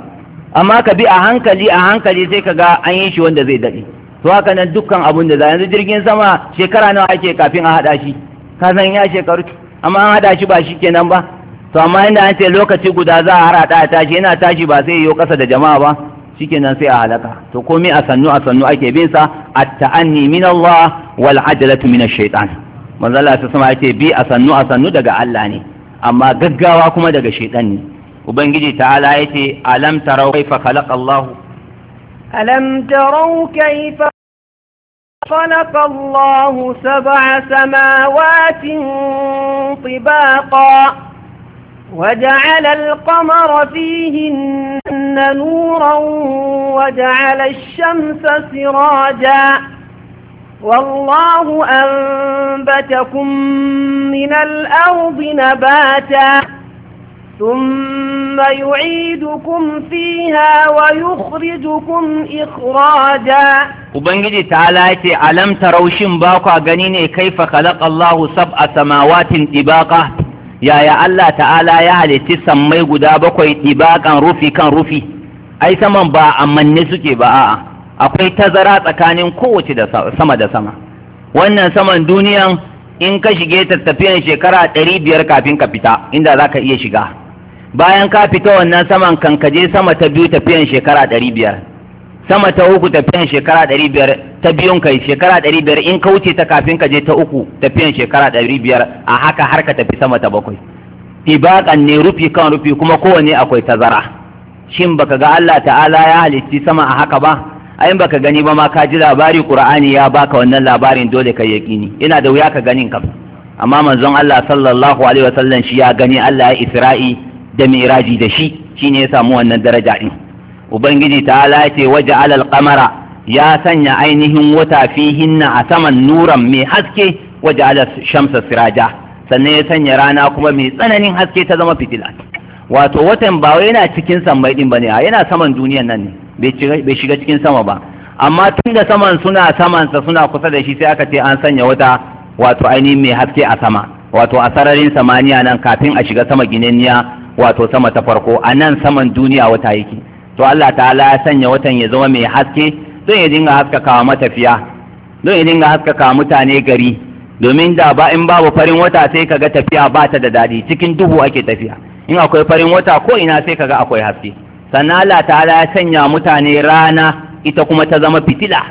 amma ka bi a hankali a hankali sai ka ga an yi shi wanda zai daɗe to haka nan dukkan abun da za yanzu jirgin sama shekara nawa ake kafin a haɗa shi ka san ya shekaru amma an haɗa shi ba shi kenan ba to amma inda an ce lokaci guda za a harada a tashi yana tashi ba sai yiwu ƙasa da jama'a ba kenan sai a halaka to komai a sannu a sannu ake bin sa a taanni min Allah wal ajalatu min ash-shaytan ta sama yace bi a sannu a sannu daga Allah ne amma gaggawa kuma daga shaytan ne ubangiji ta'ala yace alam tarau kaifa khalaqa Allah alam tarau kaifa خلق الله سبع سماوات طباقا وجعل القمر فيهن نورا وجعل الشمس سراجا والله أنبتكم من الأرض نباتا ثم يعيدكم فيها ويخرجكم إخراجا وبنجي تعالى ألم تروا شن باكو أغنيني كيف خلق الله سبع سماوات طباقا يا يا الله تعالى يا هل تسمي قدا بكو طباقا رفي كان رفي أي سمن با أمن نسكي با akwai tazara tsakanin kowace da sama da sama wannan saman duniyan in ka shige tattafiyan shekara 500 kafin ka fita inda za ka iya shiga bayan ka fita wannan saman kankaje sama ta biyu tafiyan shekara ɗari biyar sama ta uku tafiyan shekara ɗari biyar ta biyun kai shekara ɗari biyar in ka wuce ta kafin ka je ta uku tafiyan shekara ɗari biyar a haka har ka tafi sama ta bakwai tibaƙan ne rufi kan rufi kuma kowane akwai tazara shin baka ga Allah ta'ala ya halicci sama a haka ba ai baka gani ba ma ka ji labari Qur'ani ya baka wannan labarin dole ka yaƙini ina da wuya ka ganin kam amma manzon Allah sallallahu alaihi wasallam shi ya gani Allah ya Isra'i da miraji da shi shine ya samu wannan daraja din ubangiji ta ce waje alal kamara ya sanya ainihin wata fihinna a saman nuran mai haske waje alal shamsa siraja sannan ya sanya rana kuma mai tsananin haske ta zama fitila wato watan ba yana cikin sammai din bane a yana saman duniyan nan ne bai shiga cikin sama ba amma tun da saman suna samansa suna kusa da shi sai aka ce an sanya wata wato ainihin mai haske a sama wato a sararin samaniya nan kafin a shiga sama ginenniya wato sama ta farko a nan saman duniya wata yake to Allah ta'ala ya sanya watan ya zama mai haske don ya dinga haskaka wa matafiya don ya dinga haskaka mutane gari domin da ba in babu farin wata sai kaga tafiya ba ta da daɗi cikin duhu ake tafiya in akwai farin wata ko ina sai kaga akwai haske sannan Allah ta'ala ya sanya mutane rana ita kuma ta zama fitila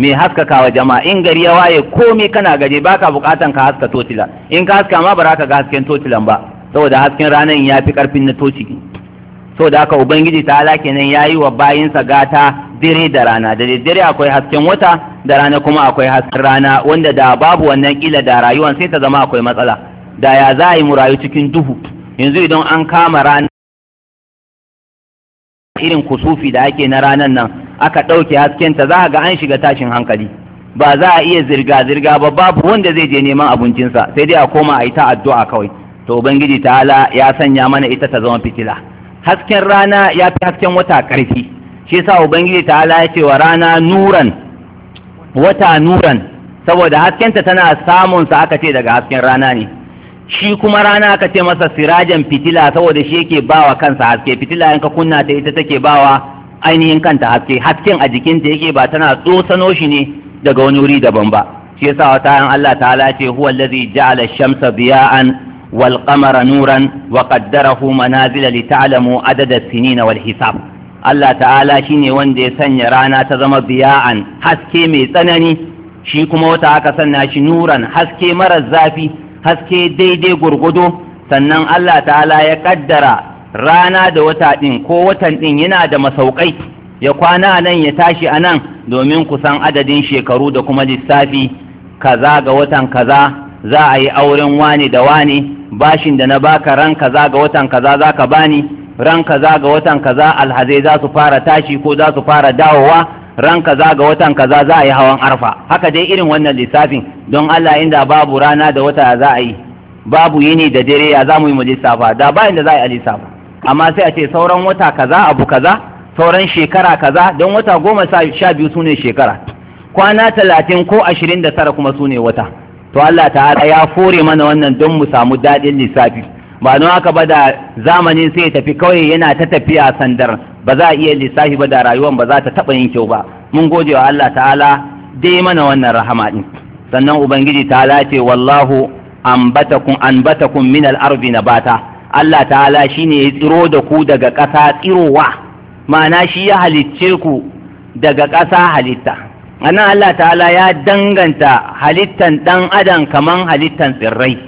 mai haskakawa jama'a in gari ya waye komai kana gari baka bukatan ka haska totila in ka haska ma ba za ka ga hasken totilan ba saboda hasken ranar ya fi karfin na toci saboda haka ubangiji ta ala kenan ya yi wa bayinsa gata dare da rana da dare akwai hasken wata da rana kuma akwai hasken rana wanda da babu wannan kila da rayuwan sai ta zama akwai matsala da ya za a yi mu cikin duhu yanzu idan an kama rana irin kusufi da ake na ranar nan aka ɗauke ta za a ga an shiga tashin hankali ba za a iya zirga-zirga ba babu wanda zai je neman abincinsa sai dai a koma a yi ta addu'a kawai to ubangiji ta'ala ya sanya mana ita ta zama fitila hasken rana ya fi hasken wata ƙarfi shi sa ubangiji ta'ala ya ce wa rana nuran wata nuran saboda haskenta tana samun sa aka ce daga hasken rana ne shi kuma rana aka ce masa sirajan fitila saboda shi yake bawa kansa haske fitila in ka kunna ta ita take bawa ainihin kanta haske hasken a jikinta yake ba tana tsotsa shi ne daga wani wuri daban ba shi yasa wata Allah ta'ala ce huwa allazi ja'ala shamsa biya'an والقمر نورا وقدره منازل لتعلموا عدد السنين والحساب الله تعالى شيني وندي سنيا رانا تزم ضياء haske mai tsanani, shi kuma wata aka sanna shi nuran haske maras zafi haske daidai gurgudo sannan Allah ta'ala ya ƙaddara rana da wata ɗin ko watan ɗin yana da masaukai ya kwana a nan ya tashi a nan domin kusan adadin shekaru da kuma lissafi kaza ga watan kaza za a yi auren wani da wani bashin da na baka ran kaza ga watan kaza za ka bani ran kaza ga watan kaza alhazai za su fara tashi ko za su fara dawowa ran kaza ga watan kaza za a yi hawan arfa haka dai irin wannan lissafin don Allah inda babu rana da wata za a yi babu yini da dare ya za mu yi lissafa da ba inda za a yi lissafa amma sai a ce sauran wata kaza abu kaza sauran shekara kaza don wata goma sha biyu su ne shekara kwana talatin ko ashirin da tara kuma su ne wata to Allah ta'ala ya fore mana wannan don mu samu daɗin lissafi ba don haka ba da zamani sai tafi kawai yana ta tafiya sandar ba za a iya lissafi ba da rayuwar ba za ta taɓa yin kyau ba mun gode wa Allah ta'ala dai mana wannan rahama din sannan ubangiji ta'ala ce wallahu anbatakum anbatakum min al-ardi nabata Allah ta'ala shine ya tsiro da ku daga ƙasa tsirowa ma'ana shi ya halicce ku daga ƙasa halitta anan Allah ta'ala ya danganta halittan ɗan adam kaman halittan tsirrai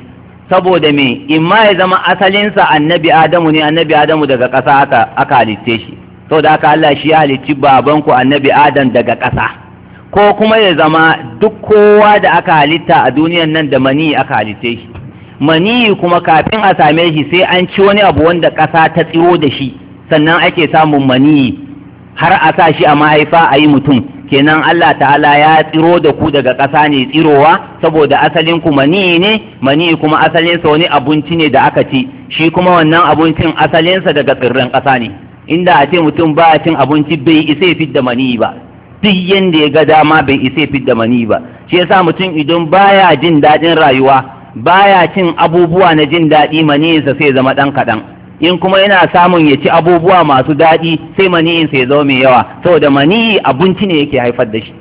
saboda me in ma ya zama asalinsa annabi adamu ne annabi adamu daga ƙasa aka, aka halitte shi saboda haka Allah shi ya halicci babanku annabi adam daga ƙasa ko kuma ya zama duk kowa da aka halitta a duniyan nan da mani aka halitte shi mani kuma kafin a same shi sai an ci wani abu wanda ƙasa ta tsiro da shi sannan ake samun mani har a sa shi a mahaifa a yi mutum kenan Allah ta'ala ya tsiro da ku daga ƙasa ne tsirowa saboda asalin ku mani ne mani kuma asalin sa wani abinci ne da aka ci shi kuma wannan abincin asalin sa daga tsirran ƙasa ne inda a ce mutum ba cin abinci bai isa ya fidda mani ba duk yanda ya ga dama bai isa ya fidda mani ba shi yasa mutum idan baya jin daɗin rayuwa baya cin abubuwa na jin daɗi maniyinsa sai zama ɗan kaɗan in kuma yana samun ya ci abubuwa masu daɗi sai maniyin sai zo mai yawa saboda maniyi abinci ne yake haifar da shi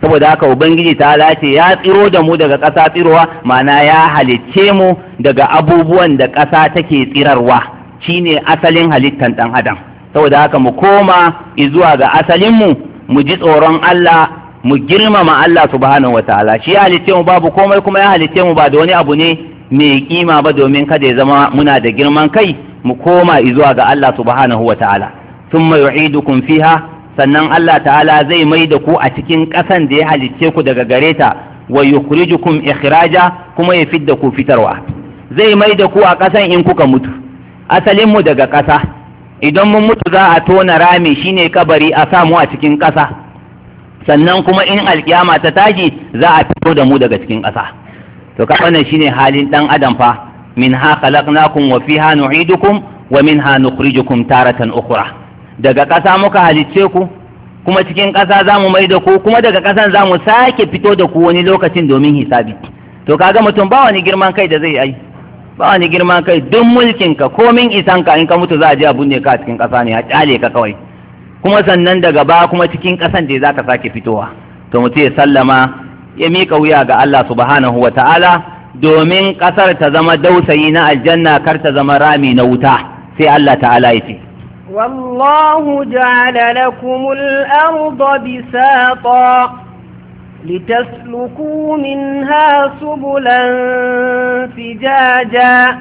saboda haka ubangiji ta lace ya tsiro da mu daga ƙasa tsirowa ma'ana ya halicce mu daga abubuwan da ƙasa take tsirarwa shine asalin halittan ɗan adam saboda haka mu koma izuwa ga asalinmu mu ji tsoron Allah mu girmama Allah subhanahu wataala shi ya halicce mu babu komai kuma ya halicce mu ba da wani abu ne mai kima ba domin kada ya zama muna da girman kai mu koma izuwa ga Allah subhanahu wa ta'ala thumma yu'idukum fiha sannan Allah ta'ala zai mai da ku a cikin ƙasan da ya halicce ku daga gare ta wa yukhrijukum ikhraja kuma ya fidda ku fitarwa zai mai da ku a ƙasan in kuka mutu asalin mu daga ƙasa idan mun mutu za a tona rami shine kabari a samu a cikin ƙasa sannan kuma in alƙiyama ta tashi za a fito da mu daga cikin ƙasa to ka wannan shine halin ɗan adam fa minha kun wa fiha nu'idukum wa minha nukhrijukum taratan ukura daga ƙasa muka halicce ku kuma cikin ƙasa za mu mai da ku kuma daga ƙasan za mu sake fito da ku wani lokacin domin hisabi to kaga mutum ba wani girman kai da zai ai ba wani girman kai duk mulkinka komin isanka in ka mutu za a je a binne ka a cikin ƙasa ne a ƙyale ka kawai kuma sannan daga ba kuma cikin ƙasan da za ka sake fitowa to mutum ya sallama ya mika wuya ga Allah subhanahu wa ta'ala domin ƙasar ta zama dausayi na aljanna kar ta zama rami na wuta sai Allah ta'ala ya ce والله جعل لكم الأرض بساطا لتسلكوا منها سبلا فجاجا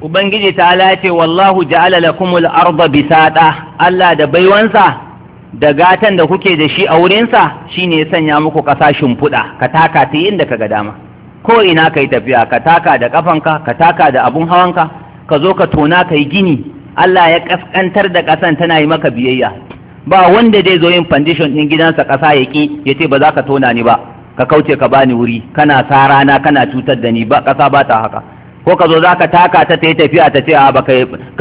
Ubangiji ta ce wallahu ja'ala lakumul arda bisata Allah da baiwansa da gatan da kuke da shi a wurinsa shine ya sanya muku ƙasa shimfiɗa ka taka ta inda ka ga dama ko ina ka yi tafiya ka taka da kafanka ka taka da abun hawanka ka zo ka tona ka yi gini Allah ya kaskantar da ƙasan tana yi maka biyayya ba wanda zai zo yin foundation ɗin gidansa ƙasa ya ƙi ya ce ba za ka tona ni ba ka kauce ka bani wuri kana sa rana kana cutar da ni ba ƙasa ba ta haka ko ka zo za ka taka ta ta yi tafiya ta ce a ba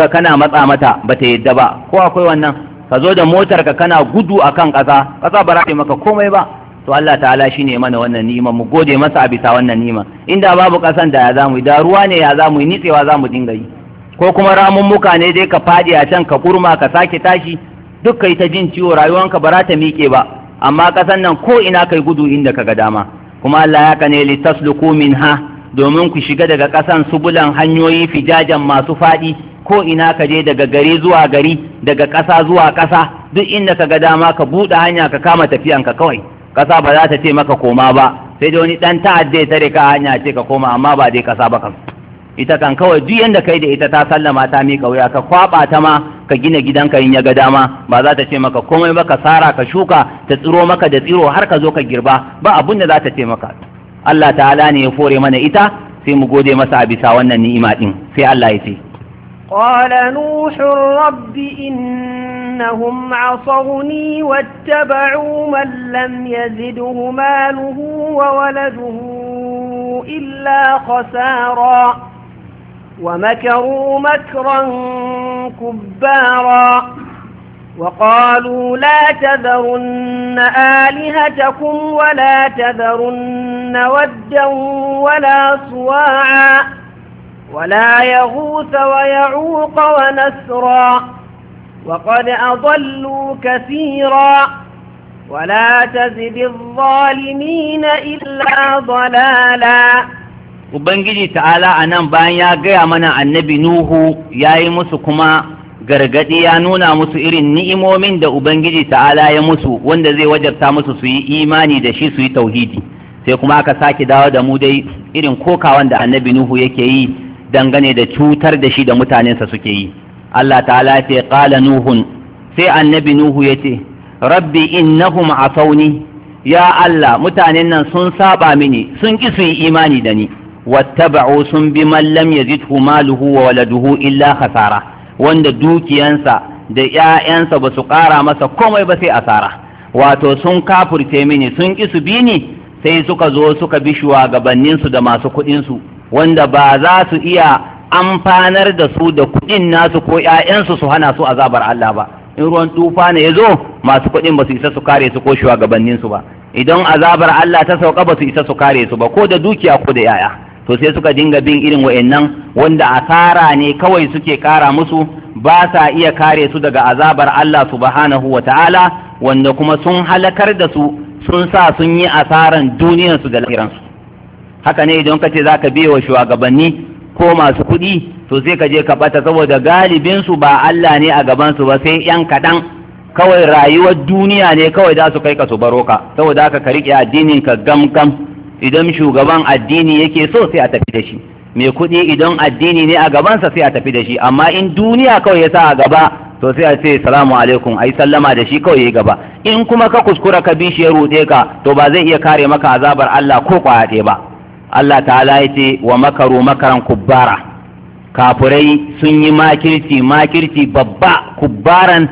kana matsa mata ba ta yadda ba ko akwai wannan ka zo da motar ka kana gudu akan ƙasa ƙasa ba za ta yi maka komai ba to Allah ta'ala shine mana wannan ni'ima mu gode masa a bisa wannan ni'ima inda babu kasan da ya zamu da ruwa ne ya zamu nitsewa zamu dinga yi ko kuma ramun muka ne dai ka fadi a can ka kurma ka sake tashi duk kai ta jin ciwo rayuwanka ba za ta miƙe ba amma kasan nan ko ina kai gudu inda ka ga dama kuma Allah ya kane li tasluku minha domin ku shiga daga kasan subulan hanyoyi fijajan masu fadi ko ina ka je daga gari zuwa gari daga ƙasa zuwa ƙasa duk inda ka ga dama ka buɗe hanya ka kama tafiyanka kawai kasa ba za ta ce maka koma ba sai dai wani dan ta'adda ya tare ka hanya ce ka koma amma ba dai kasa ba kan ita kan kawai duk yanda kai da ita ta sallama ta miƙa wuya ka kwaɓa ta ma ka gina gidanka in ya ga dama ba za ta ce maka komai ba ka sara ka shuka ta tsiro maka da tsiro har ka zo ka girba ba abun da za ta ce maka Allah ta'ala ne ya fore mana ita sai mu gode masa a bisa wannan ni'ima din sai Allah ya ce قال نوح رب إنهم عصوني واتبعوا من لم يزده ماله وولده إلا خسارا ومكروا مكرا كبارا وقالوا لا تذرن آلهتكم ولا تذرن ودا ولا صواعا ولا يغوث ويعوق ونسرا وقد أضلوا كثيرا ولا تزد الظالمين إلا ضلالا Ubangiji ta'ala a nan bayan ya gaya mana annabi Nuhu ya yi musu kuma gargaɗi ya nuna musu irin ni'imomin da Ubangiji ta'ala ya musu wanda zai wajabta musu su yi imani da shi su yi tauhidi sai kuma aka sake dawo da mu dai irin kokawan da annabi Nuhu yake yi dangane da cutar da shi da mutanensa suke yi Allah ta'ala ce qala nuhun sai annabi nuhu ya ce, rabbi innahum asawni ya Allah mutanen nan sun saba mini sun ki su yi imani da ni wattaba'u sun bi man lam yazidhu luhu wa waladuhu illa khasara wanda dukiyansa da ƴaƴansa ba su ƙara masa komai ba sai asara wato sun kafurce mini sun ki su bi ni sai suka zo suka bi shugabanninsu da masu kuɗinsu wanda ba za su iya amfanar da su da kuɗin nasu ko ‘ya'yansu su hana su azabar Allah ba in ruwan tufa ne ya zo masu kuɗin ba su isa su kare su ko shugabanninsu ba idan azabar Allah ta sauka ba su isa su kare su ba ko da dukiya ko da ‘ya'ya to sai suka dinga bin irin wa'annan wanda asara ne kawai suke kara musu ba sa iya kare su daga azabar Allah subhanahu wa wanda kuma sun halakar da su sun sa sun yi asaran duniyarsu da lahiransu haka ne idan ka ce za ka biya wa shugabanni ko masu kuɗi to sai ka je ka ɓata saboda galibinsu ba Allah ne a gabansu ba sai ‘yan kaɗan kawai rayuwar duniya ne kawai za su kai ka su baro ka saboda haka ka riƙe addinin ka gam gam idan shugaban addini yake so sai a tafi da shi mai kuɗi idan addini ne a gabansa sai a tafi da shi amma in duniya kawai ya sa a gaba to sai a ce salamu alaikum ai sallama da shi kawai ya gaba in kuma ka kuskura ka bi shi ya ruɗe ka to ba zai iya kare maka azabar Allah ko kwaya ba Allah ta'ala ya ce wa makaru makaran kubbara kafurai sun yi makirci makirci babba kubbaran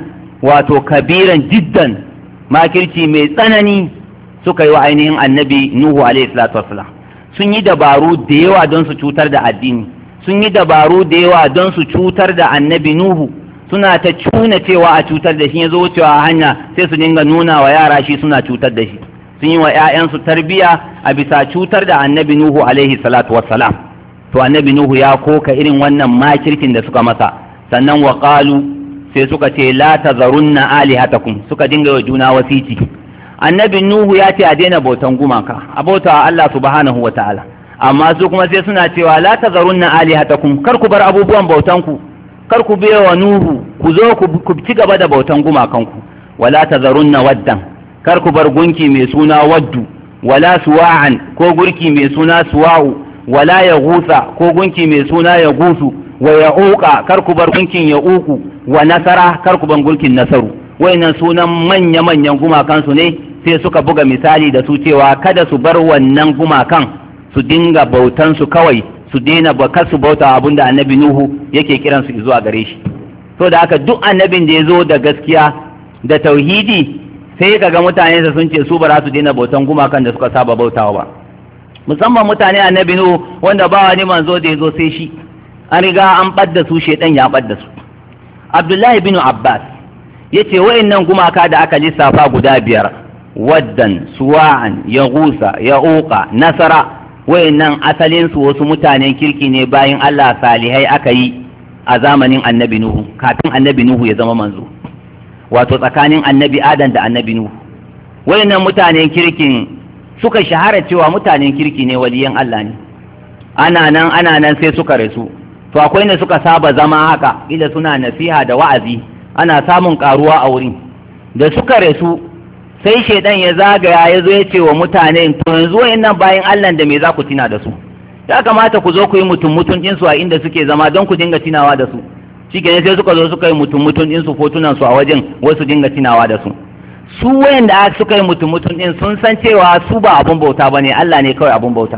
wato kabiran jiddan makirci mai tsanani suka yi wa ainihin annabi nuhu alaihi salatu sun yi dabaru da yawa don su cutar da addini sun yi dabaru da yawa don su cutar da annabi nuhu suna ta cuna cewa a cutar da shi ya zo wucewa hanya sai su dinga nuna wa yara shi suna cutar da shi sun yi wa 'ya'yansu tarbiya a bisa cutar da annabi nuhu alaihi salatu wassalam to annabi nuhu ya koka irin wannan makirkin da suka masa sannan wa sai suka ce la tazarunna alihatakum suka dinga wa juna wasici annabi nuhu ya ce a daina bautan gumaka a bauta Allah subhanahu wataala amma su kuma sai suna cewa la tazarunna alihatakum kar ku bar abubuwan bautan ku kar ku biya wa nuhu ku zo ku ci gaba da bautan gumakanku wala na waddan kar ku bar gunki mai suna waddu wala suwa'an ko gurki mai suna suwa'u wala ya ko gunki mai suna ya wa ya kar ku bar gunkin ya wa nasara kar ku bar gunkin nasaru wayannan sunan manya-manyan gumakan su ne sai suka buga misali da su cewa kada su bar wannan gumakan su dinga bautan su kawai su daina ba bauta abin da annabi nuhu yake kiransu zuwa gare shi to da haka duk annabin da ya zo da gaskiya da tauhidi sai ka ga mutane sun ce su ba za su daina bautan gumakan da suka saba bautawa ba musamman mutane annabi nabinu wanda ba wani manzo da yazo sai shi an riga an badda su shedan ya badda su abdullahi bin abbas yace wayannan gumaka da aka lissafa guda biyar waddan suwa'an yagusa ya'uqa nasara wayannan asalin su wasu mutanen kirki ne bayan Allah salihai aka yi a zamanin annabi nuhu kafin annabi nuhu ya zama manzo wato tsakanin annabi adam da annabi nu wayannan mutanen kirkin suka shahara cewa mutanen kirki ne waliyan Allah ne ana nan ana nan sai suka rasu to akwai ne suka saba zama haka ila suna nasiha da wa'azi ana samun karuwa a wurin da suka rasu sai shaidan ya zagaya ya zo ya ce wa mutane to yanzu wayannan bayan Allah da me za ku tina da su ya kamata ku zo ku yi mutum mutum ɗinsu a inda suke zama don ku dinga tinawa da su kenan sai suka zo suka yi mutum mutum din fotunan su a wajen wasu dinga tunawa da su su wayanda suka yi mutum mutum din sun san cewa su ba abun bauta ba ne Allah ne kawai abun bauta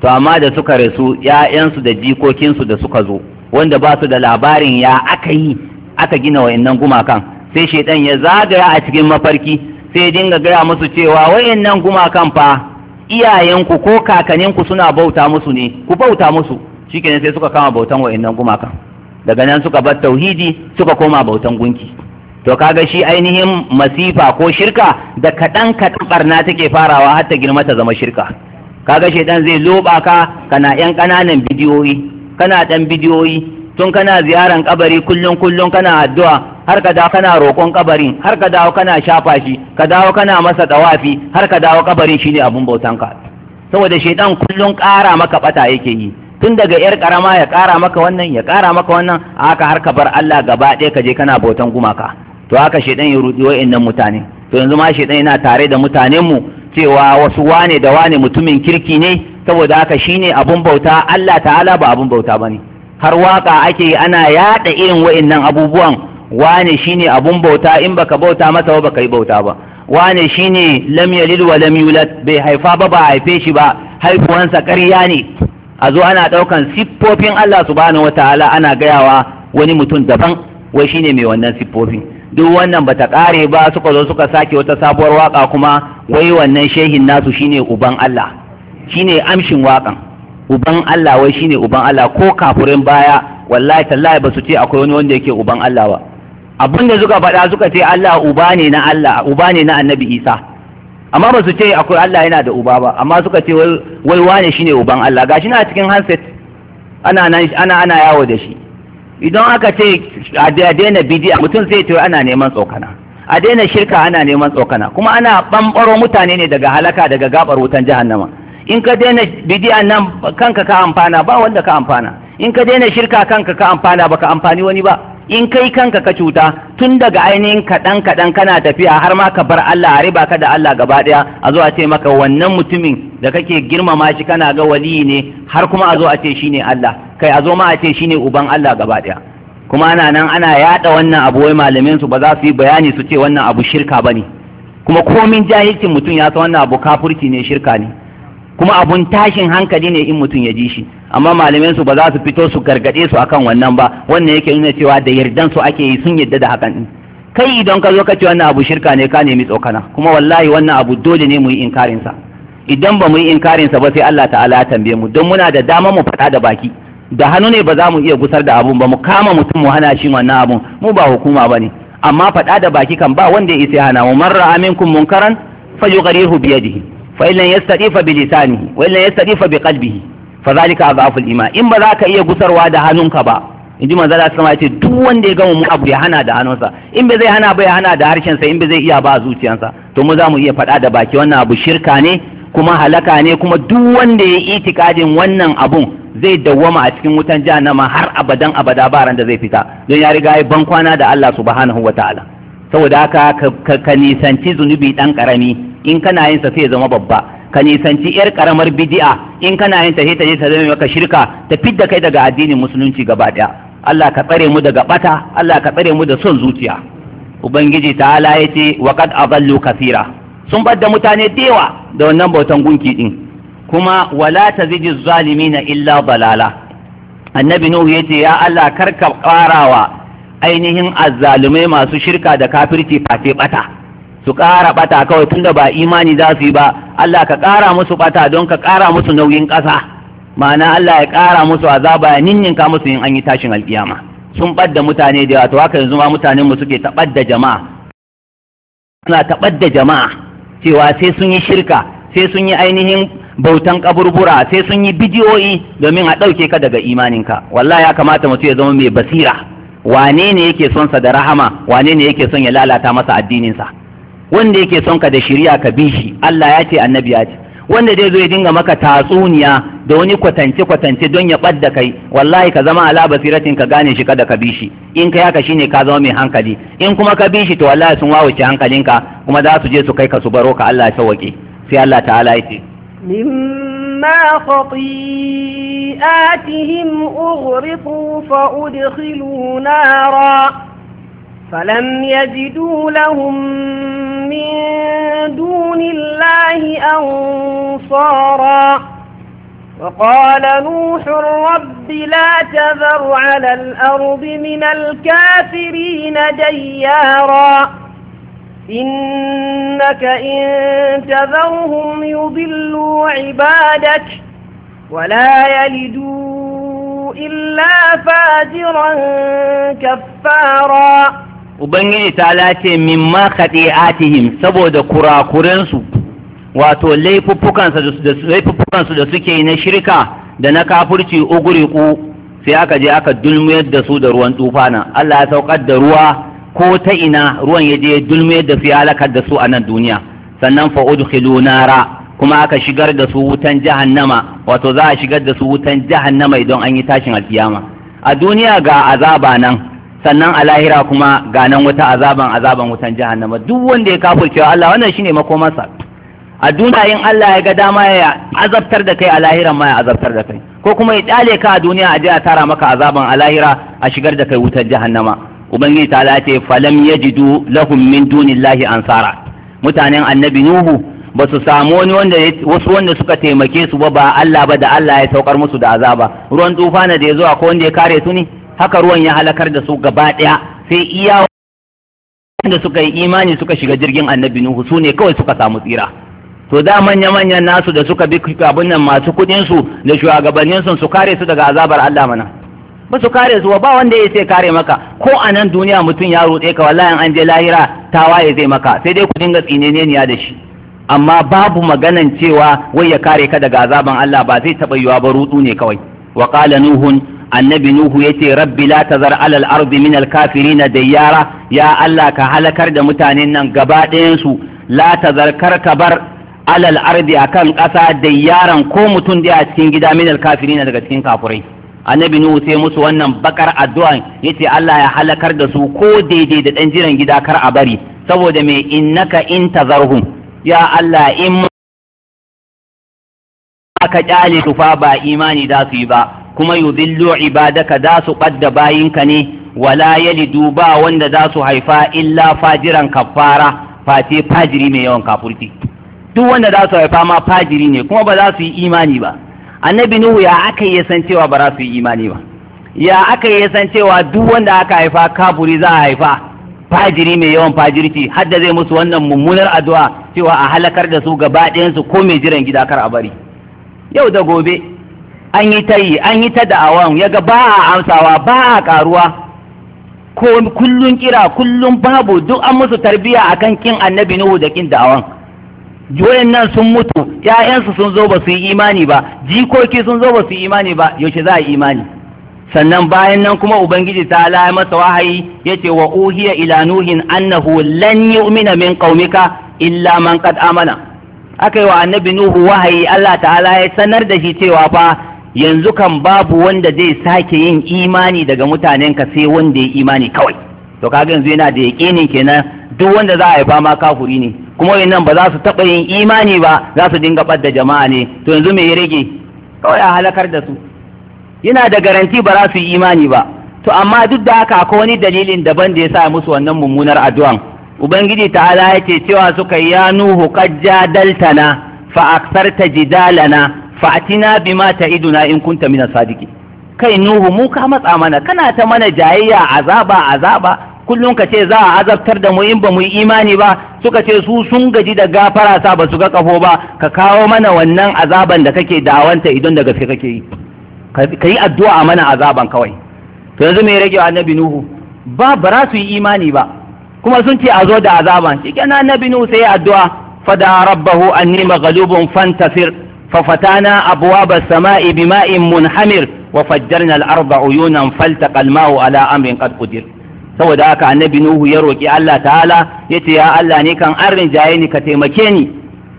to amma da suka rasu ya'yansu da jikokinsu da suka zo wanda ba su da labarin ya aka yi aka gina wayannan gumakan sai shaidan ya zagaya a cikin mafarki sai dinga gaya musu cewa wayannan gumakan fa iyayenku ko kakaninku suna bauta musu ne ku bauta musu kenan sai suka kama bautan wayannan gumakan daga nan suka bar tauhidi suka koma bautan gunki to kaga shi ainihin masifa ko shirka da kaɗan kaɗan barna take farawa har ta girma ta zama shirka kaga shaidan zai loba ka kana yan ƙananan bidiyoyi kana ɗan bidiyoyi tun kana ziyaran kabari kullum kullum kana addu'a har ka dawo kana roƙon kabarin har ka dawo kana shafa shi ka dawo kana masa tawafi har ka dawo kabarin shine abun bautanka saboda shaidan kullum ƙara maka ɓata yake yi tun daga yar karama ya kara maka wannan ya kara maka wannan a haka har ka bar Allah gaba ɗaya ka je kana bautan gumaka to haka shedan ya rudi wa'annan mutane to yanzu ma shedan yana tare da mutanen mu cewa wasu wane da wane mutumin kirki ne saboda haka shine abun bauta Allah ta'ala ba abun bauta bane har waka ake ana yada irin wa'annan abubuwan wane shine abun bauta in baka bauta masa ba baka yi bauta ba wane shine lam yalid wa lam yulad bai haifa ba ba haife shi ba haifuwansa ƙarya ne a zo ana ɗaukan siffofin Allah subhanahu wataala ana gayawa wani mutum daban wai shine mai wannan siffofin duk wannan bata ƙare ba suka zo suka sake wata sabuwar waka kuma wai wannan shehin nasu shine uban Allah shine amshin wakan uban Allah wai shine uban Allah ko kafurin baya wallahi tallahi ba su ce akwai wani wanda yake uban Allah ba abinda suka faɗa suka ce Allah uba ne na Allah uba ne na Annabi Isa amma ba su ce akwai Allah yana da uba ba amma suka ce wai wane shine uban Allah gashi na cikin handset ana ana ana yawo da shi idan aka ce a daina bidiya mutum zai ce ana neman tsokana a daina shirka ana neman tsokana kuma ana bambaro mutane ne daga halaka daga gabar wutan jahannama in ka daina bidiya nan kanka ka amfana ba wanda ka amfana in ka daina shirka kanka ka amfana baka amfani wani ba in kai kanka ka cuta tun daga ainihin kaɗan kaɗan kana tafiya har ma ka bar Allah a riba ka da Allah gaba ɗaya a zo a ce maka wannan mutumin da kake girmama shi kana ga waliyi ne har kuma a zo a ce shi ne Allah kai a zo ma a ce shi ne uban Allah gaba ɗaya kuma ana nan ana yaɗa wannan abu wai malamin su ba za su yi bayani su ce wannan abu shirka ba ne? kuma komin jahilcin mutum ya san wannan abu kafurci ne shirka ne kuma abun tashin hankali ne in mutum ya ji shi amma malamin su ba za su fito su gargade su akan wannan ba wannan yake nuna cewa da yardan su ake yi sun yarda da hakan kai idan ka zo ka ce wannan abu shirka ne ka nemi tsokana kuma wallahi wannan abu dole ne mu yi inkarin sa idan ba mu yi inkarin sa ba sai Allah ta'ala ya tambaye mu don muna da dama mu faɗa da baki da hannu ne ba za mu iya gusar da abun ba mu kama mutum mu hana shi wannan abun mu ba hukuma ne, amma faɗa da baki kan ba wanda ya isa hana mu mara aminkum munkaran falyughayyihu bi yadihi fa illam yastati fa bi lisanihi wa illam yastati fa bi qalbihi fa zalika adhaful iman in ba za ka iya gusarwa da hannunka ba in ji manzala sama ya ce duk wanda ya gama mu abu ya hana da hannunsa in bai zai hana ba ya hana da harshensa in ba zai iya ba a zuciyansa to mu za mu iya faɗa da baki wannan abu shirka ne kuma halaka ne kuma duk wanda ya yi itikadin wannan abun zai dawwama a cikin wutan jahannama har abadan abada ba ran da zai fita don ya riga ya ban kwana da Allah subhanahu wataala saboda haka ka nisanci zunubi dan karami in kana yin sa sai ya zama babba ka nisanci yar karamar bidiya in kana yin ta ta ta zama maka shirka ta fidda kai daga addinin musulunci gaba daya Allah ka tsare mu daga bata Allah ka tsare mu da son zuciya ubangiji ta'ala ce wa qad adallu Kasira. sun bar da mutane da yawa da wannan bautan gunki ɗin. kuma wala tazidi na illa balala annabi nuhu yace ya Allah karka karawa ainihin azzalumai masu shirka da kafirci fate bata su ƙara ɓata kawai tunda ba imani za su yi ba Allah ka ƙara musu ɓata don ka ƙara musu nauyin ƙasa ma'ana Allah ya ƙara musu azaba ya ninninka musu yin an yi tashin alƙiyama sun ɓadda mutane da yawa to haka yanzu ma mutanen mu suke taɓadda jama'a suna taɓadda jama'a cewa sai sun yi shirka sai sun yi ainihin bautan ƙaburbura, sai sun yi bidiyoyi domin a ɗauke ka daga imaninka wallahi ya kamata mutum ya zama mai basira wane ne yake son sa da rahama wane ne yake son ya lalata masa addininsa wanda yake son ka da shiriya ka bi shi Allah ya ce annabi ya ce wanda zai zo ya dinga maka tatsuniya da wani kwatance kwatance don ya ɓadda kai wallahi ka zama ala basiratin ka gane shi kada ka bi shi in kai haka shine ka zama mai hankali in kuma ka bi shi to wallahi sun wawuce hankalinka kuma za su je su kai ka su baro ka Allah ya sauke sai Allah ta'ala ya ce مما خطيئاتهم أغرقوا فأدخلوا نارا فلم يجدوا لهم من دون الله أنصارا وقال نوح رب لا تذر على الأرض من الكافرين ديارا إنك إن تذرهم يضلوا عبادك ولا يلدوا إلا فاجرا كفارا ubangiji ta lace min mimma atihim saboda kurakurensu wato laifuffukansu da suke na shirka da na kafurci uguriku sai aka je aka dulmiyar da su da ruwan tufana Allah ya saukar da ruwa ko ta ina ruwan ya je dulmiyar da su ya halakar da su a nan duniya sannan fa udkhilu nara kuma aka shigar da su wutan jahannama wato za a shigar da su wutan jahannama idan an yi tashin alkiyama a duniya ga azaba nan sannan a lahira kuma ganan wata azaban azaban wutan jahannama duk wanda ya kafurcewa Allah wannan shine makomarsa a duniya in Allah ya ga dama ya azabtar da kai a lahira ma ya azabtar da kai ko kuma ya dale ka a duniya a je a tara maka azaban a lahira a shigar da kai wutan jahannama ubangiji ta ce falam yajidu lahum min dunillahi ansara mutanen annabi nuhu ba su samu wani wanda wasu wanda suka taimake su ba ba Allah ba da Allah ya saukar musu da azaba ruwan tufa da ya zo akwai wanda ya kare su ne haka ruwan ya halakar da su gaba ɗaya sai iya da suka yi imani suka shiga jirgin annabi nuhu su ne kawai suka samu tsira to da manya-manyan nasu da suka bi abin nan masu kudin su da shugabannin su su kare su daga azabar Allah mana ba su kare su ba wanda ya sai kare maka ko a nan duniya mutum ya rutse ka wallahi an je lahira tawaye zai maka sai dai ku dinga tsineniya da shi amma babu maganan cewa wai ya kare ka daga azaban Allah ba zai taɓa yiwa ba rudu ne kawai wa qala nuhun annabi nuhu yace rabbi la tazar alal arzi min al na dayyara ya allah ka halakar da mutanen nan gaba ɗayansu la tazar kar ka bar alal a akan ƙasa dayyaran ko mutum da a cikin gida min al daga cikin kafurai annabi nuhu sai musu wannan bakar addu'an yace allah ya halakar da su ko daidai da ɗan jiran gida kar a bari saboda mai innaka in tazarhum ya allah in aka kyale su fa ba imani za su yi ba kuma yudillu ibadaka za su ɓadda bayinka ne wala yalidu ba wanda za su haifa illa fajiran kafara face fajiri mai yawan kafurci duk wanda za su haifa ma fajiri ne kuma ba za su yi imani ba annabi nuhu ya aka yi san cewa ba za su yi imani ba ya aka yi san cewa duk wanda aka haifa kafuri za a haifa fajiri mai yawan fajirci har da zai musu wannan mummunar addu'a cewa a halakar da su gaba su ko mai jiran gida kar a bari yau da gobe an yi ta yi an yi ta da'awan ya ga ba a amsawa ba a karuwa ko kullun kira kullun babu duk an musu tarbiya a kan kin annabi nuhu da kin da'awan joyan nan sun mutu ƴaƴansu sun zo ba su yi imani ba jikoki sun zo ba su yi imani ba yaushe za a yi imani sannan bayan nan kuma ubangiji ta ala masa wahayi yace wa uhiya ila nuhin annahu lan yu'mina min qaumika illa man qad amana akai wa annabi nuhu wahayi Allah ta'ala ya sanar da shi cewa fa yanzu kan babu wanda zai sake yin imani daga mutanenka sai wanda ya imani kawai to kaga yanzu yana da yaƙinin kenan duk wanda za a yi fama kafuri ne kuma nan ba za su taɓa yin imani ba za su dinga ɓadda jama'a ne to yanzu me ya rage kawai a halakar da su yana da garanti ba za su yi imani ba to amma duk da haka akwai wani dalilin daban da ya sa musu wannan mummunar addu'an ubangiji ta ya ce cewa suka ya nuhu qad jadaltana fa aksarta jidalana fa'atina bima iduna in kunta mina sadiki kai nuhu mu ka matsa mana kana ta mana jayayya azaba azaba kullum ka ce za a azabtar da mu in ba mu yi imani ba suka ce su sun gaji da gafara sa ba su ga kafo ba ka kawo mana wannan azaban da kake dawanta idan da gaske kake yi ka yi addu'a a mana azaban kawai to yanzu me rage annabi nuhu ba ba su yi imani ba kuma sun ce a zo da azaban shi kenan annabi nuhu sai addu'a fada rabbahu anni maghlubun fantasir ففتانا أبواب السماء بماء منحمر وفجرنا الأرض عيونا فالتقى الماء على أمر قد قدر saboda haka annabi nuhu ya roƙi Allah ta'ala yace ya Allah ne kan an rinjaye ni ka taimake ni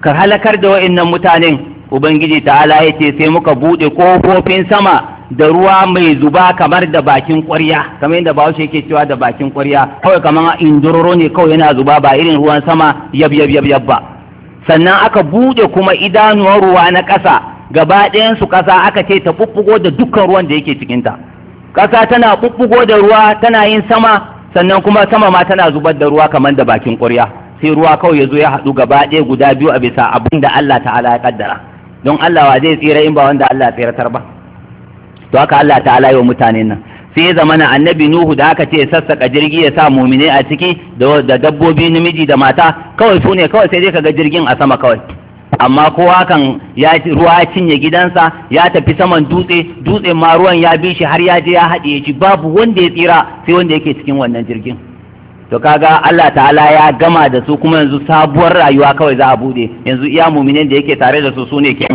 ka halakar da wa'annan mutanen ubangiji ta'ala yace sai muka buɗe kofofin sama da ruwa mai zuba kamar da bakin ƙwarya kamar yadda bahaushe yake cewa da bakin ƙwarya kawai kamar indororo ne kawai yana zuba ba irin ruwan sama yab yab yab yab ba sannan aka buɗe kuma idanuwar ruwa na ƙasa gaba ɗayansu ƙasa aka ce ta ɓuɓɓugo da dukkan ruwan da yake cikinta ƙasa tana ɓuɓɓugo da ruwa tana yin sama sannan kuma sama ma tana zubar da ruwa kamar da bakin ƙwarya sai ruwa kawai ya zo ya haɗu gaba ɗaya guda biyu a bisa abin da Allah ta'ala ya ƙaddara don Allah wa zai tsira in ba wanda Allah ya tsiratar ba to haka Allah ta'ala yi wa mutanen nan sai zamana annabi nuhu da aka ce sassaka jirgi ya sa mumine a ciki da dabbobi namiji da mata kawai su ne kawai sai dai kaga jirgin a sama kawai amma kowa kan ya ruwa ya cinye gidansa ya tafi saman dutse dutse ma ruwan ya bi shi har ya je ya haɗiye ci, babu wanda ya tsira sai wanda yake cikin wannan jirgin to kaga Allah ta'ala ya gama da su kuma yanzu sabuwar rayuwa kawai za a bude yanzu iya muminen da yake tare da su su ne ke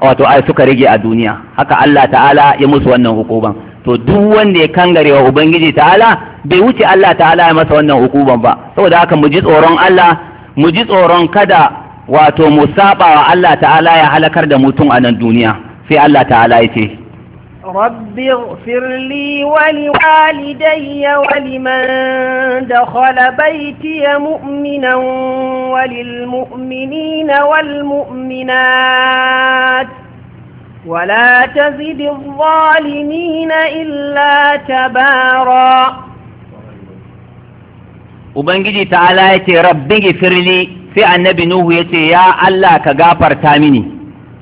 wato ai suka rage a duniya haka Allah ta'ala ya musu wannan hukuman. to duk wanda ya kangare wa ubangiji ta'ala bai wuce Allah ta'ala ya masa wannan hukuban ba saboda haka mu ji tsoron Allah mu ji tsoron kada wato mu saba wa Allah ta'ala ya halakar da mutum a nan duniya sai Allah ta'ala ya ce رب اغفر لي ولوالدي ولمن دخل بيتي مؤمنا وللمؤمنين والمؤمنات ولا تزد الظالمين إلا تبارا Ubangiji ta'ala ya ce, Rabbi gifirli sai annabi Nuhu ya ce, Ya Allah ka gafarta mini,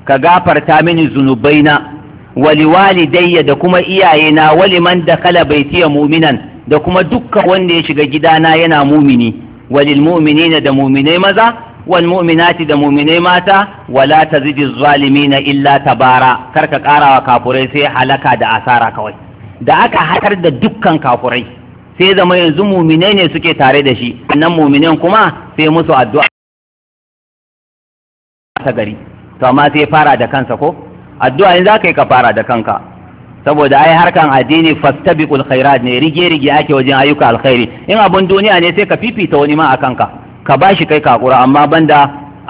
ka gafarta mini zunubaina, wali walidayya da kuma iyayena wali man da kala baitiya muminan da kuma dukkan wanda ya shiga gidana yana mumini, walil muminina da muminai maza wal mu'minati da muminai mata wala tazidi zalimina illa tabara karka karawa kafurai sai halaka da asara kawai da aka hatar da dukkan kafurai sai zama yanzu mu'mine ne suke tare da shi nan mu'minen kuma sai musu addu'a ta gari to amma sai fara da kansa ko addu'a in zaka yi ka fara da kanka saboda ai harkan addini fastabiqul khairat ne rige rige ake wajen ayyuka alkhairi in abun duniya ne sai ka fifita wani ma a kanka ka bashi kai kakura amma banda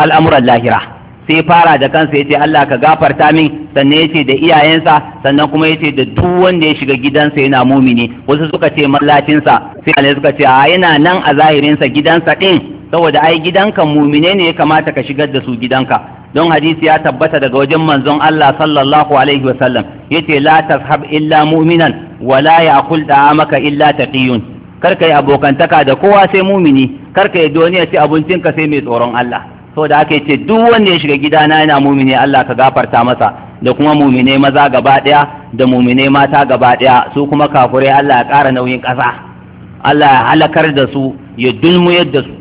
al'amuran lahira sai fara da kansa yace Allah ka gafarta min sannan yace da iyayensa sannan kuma yace da duk wanda ya shiga gidansa yana mumini wasu suka ce mallacinsa sai Allah suka ce a yana nan a zahirinsa gidansa din saboda ai gidanka mumine ne ya kamata ka shigar da su gidanka don hadisi ya tabbata daga wajen manzon Allah sallallahu alaihi wasallam yace la tashab illa mu'minan wa la ya'kul da'amaka illa taqiyun kar ka yi abokantaka da kowa sai mumini kar ka yi duniya ci ka sai mai tsoron Allah saboda haka ce duk wanda ya shiga gidana yana mumini Allah ka gafarta masa da kuma mumine maza gaba daya da mumine mata gaba daya su kuma kafurai Allah ya ƙara nauyin ƙasa Allah ya halakar da su ya dulmu da su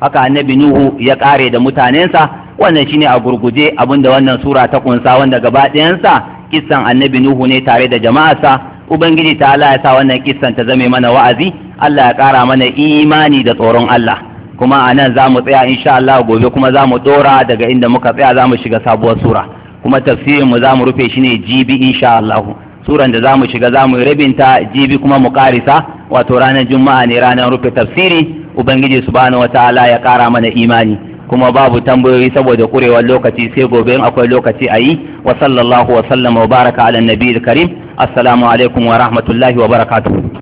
haka annabi Nuhu ya ƙare da mutanensa wannan shine a gurguje abinda wannan sura ta kunsa wanda gaba ɗayansa kissan annabi Nuhu ne tare da jama'arsa ubangiji ta Allah ya sa wannan kissan ta zame mana wa'azi Allah ya ƙara mana imani da tsoron Allah kuma a nan za mu tsaya insha Allah gobe kuma za mu ɗora daga inda muka tsaya za mu shiga sabuwar sura kuma tafsirin mu za mu rufe shi ne jibi insha Allah suran da za mu shiga za mu rabinta jibi kuma mu ƙarisa, wato ranar juma'a ne ranar rufe tafsiri ubangiji subhanahu wataala ya ƙara mana imani kuma babu tambayoyi saboda kurewar lokaci sai gobe in akwai lokaci a yi wa sallallahu wa sallama wa baraka ala nabiyil karim assalamu alaikum wa rahmatullahi wa barakatuh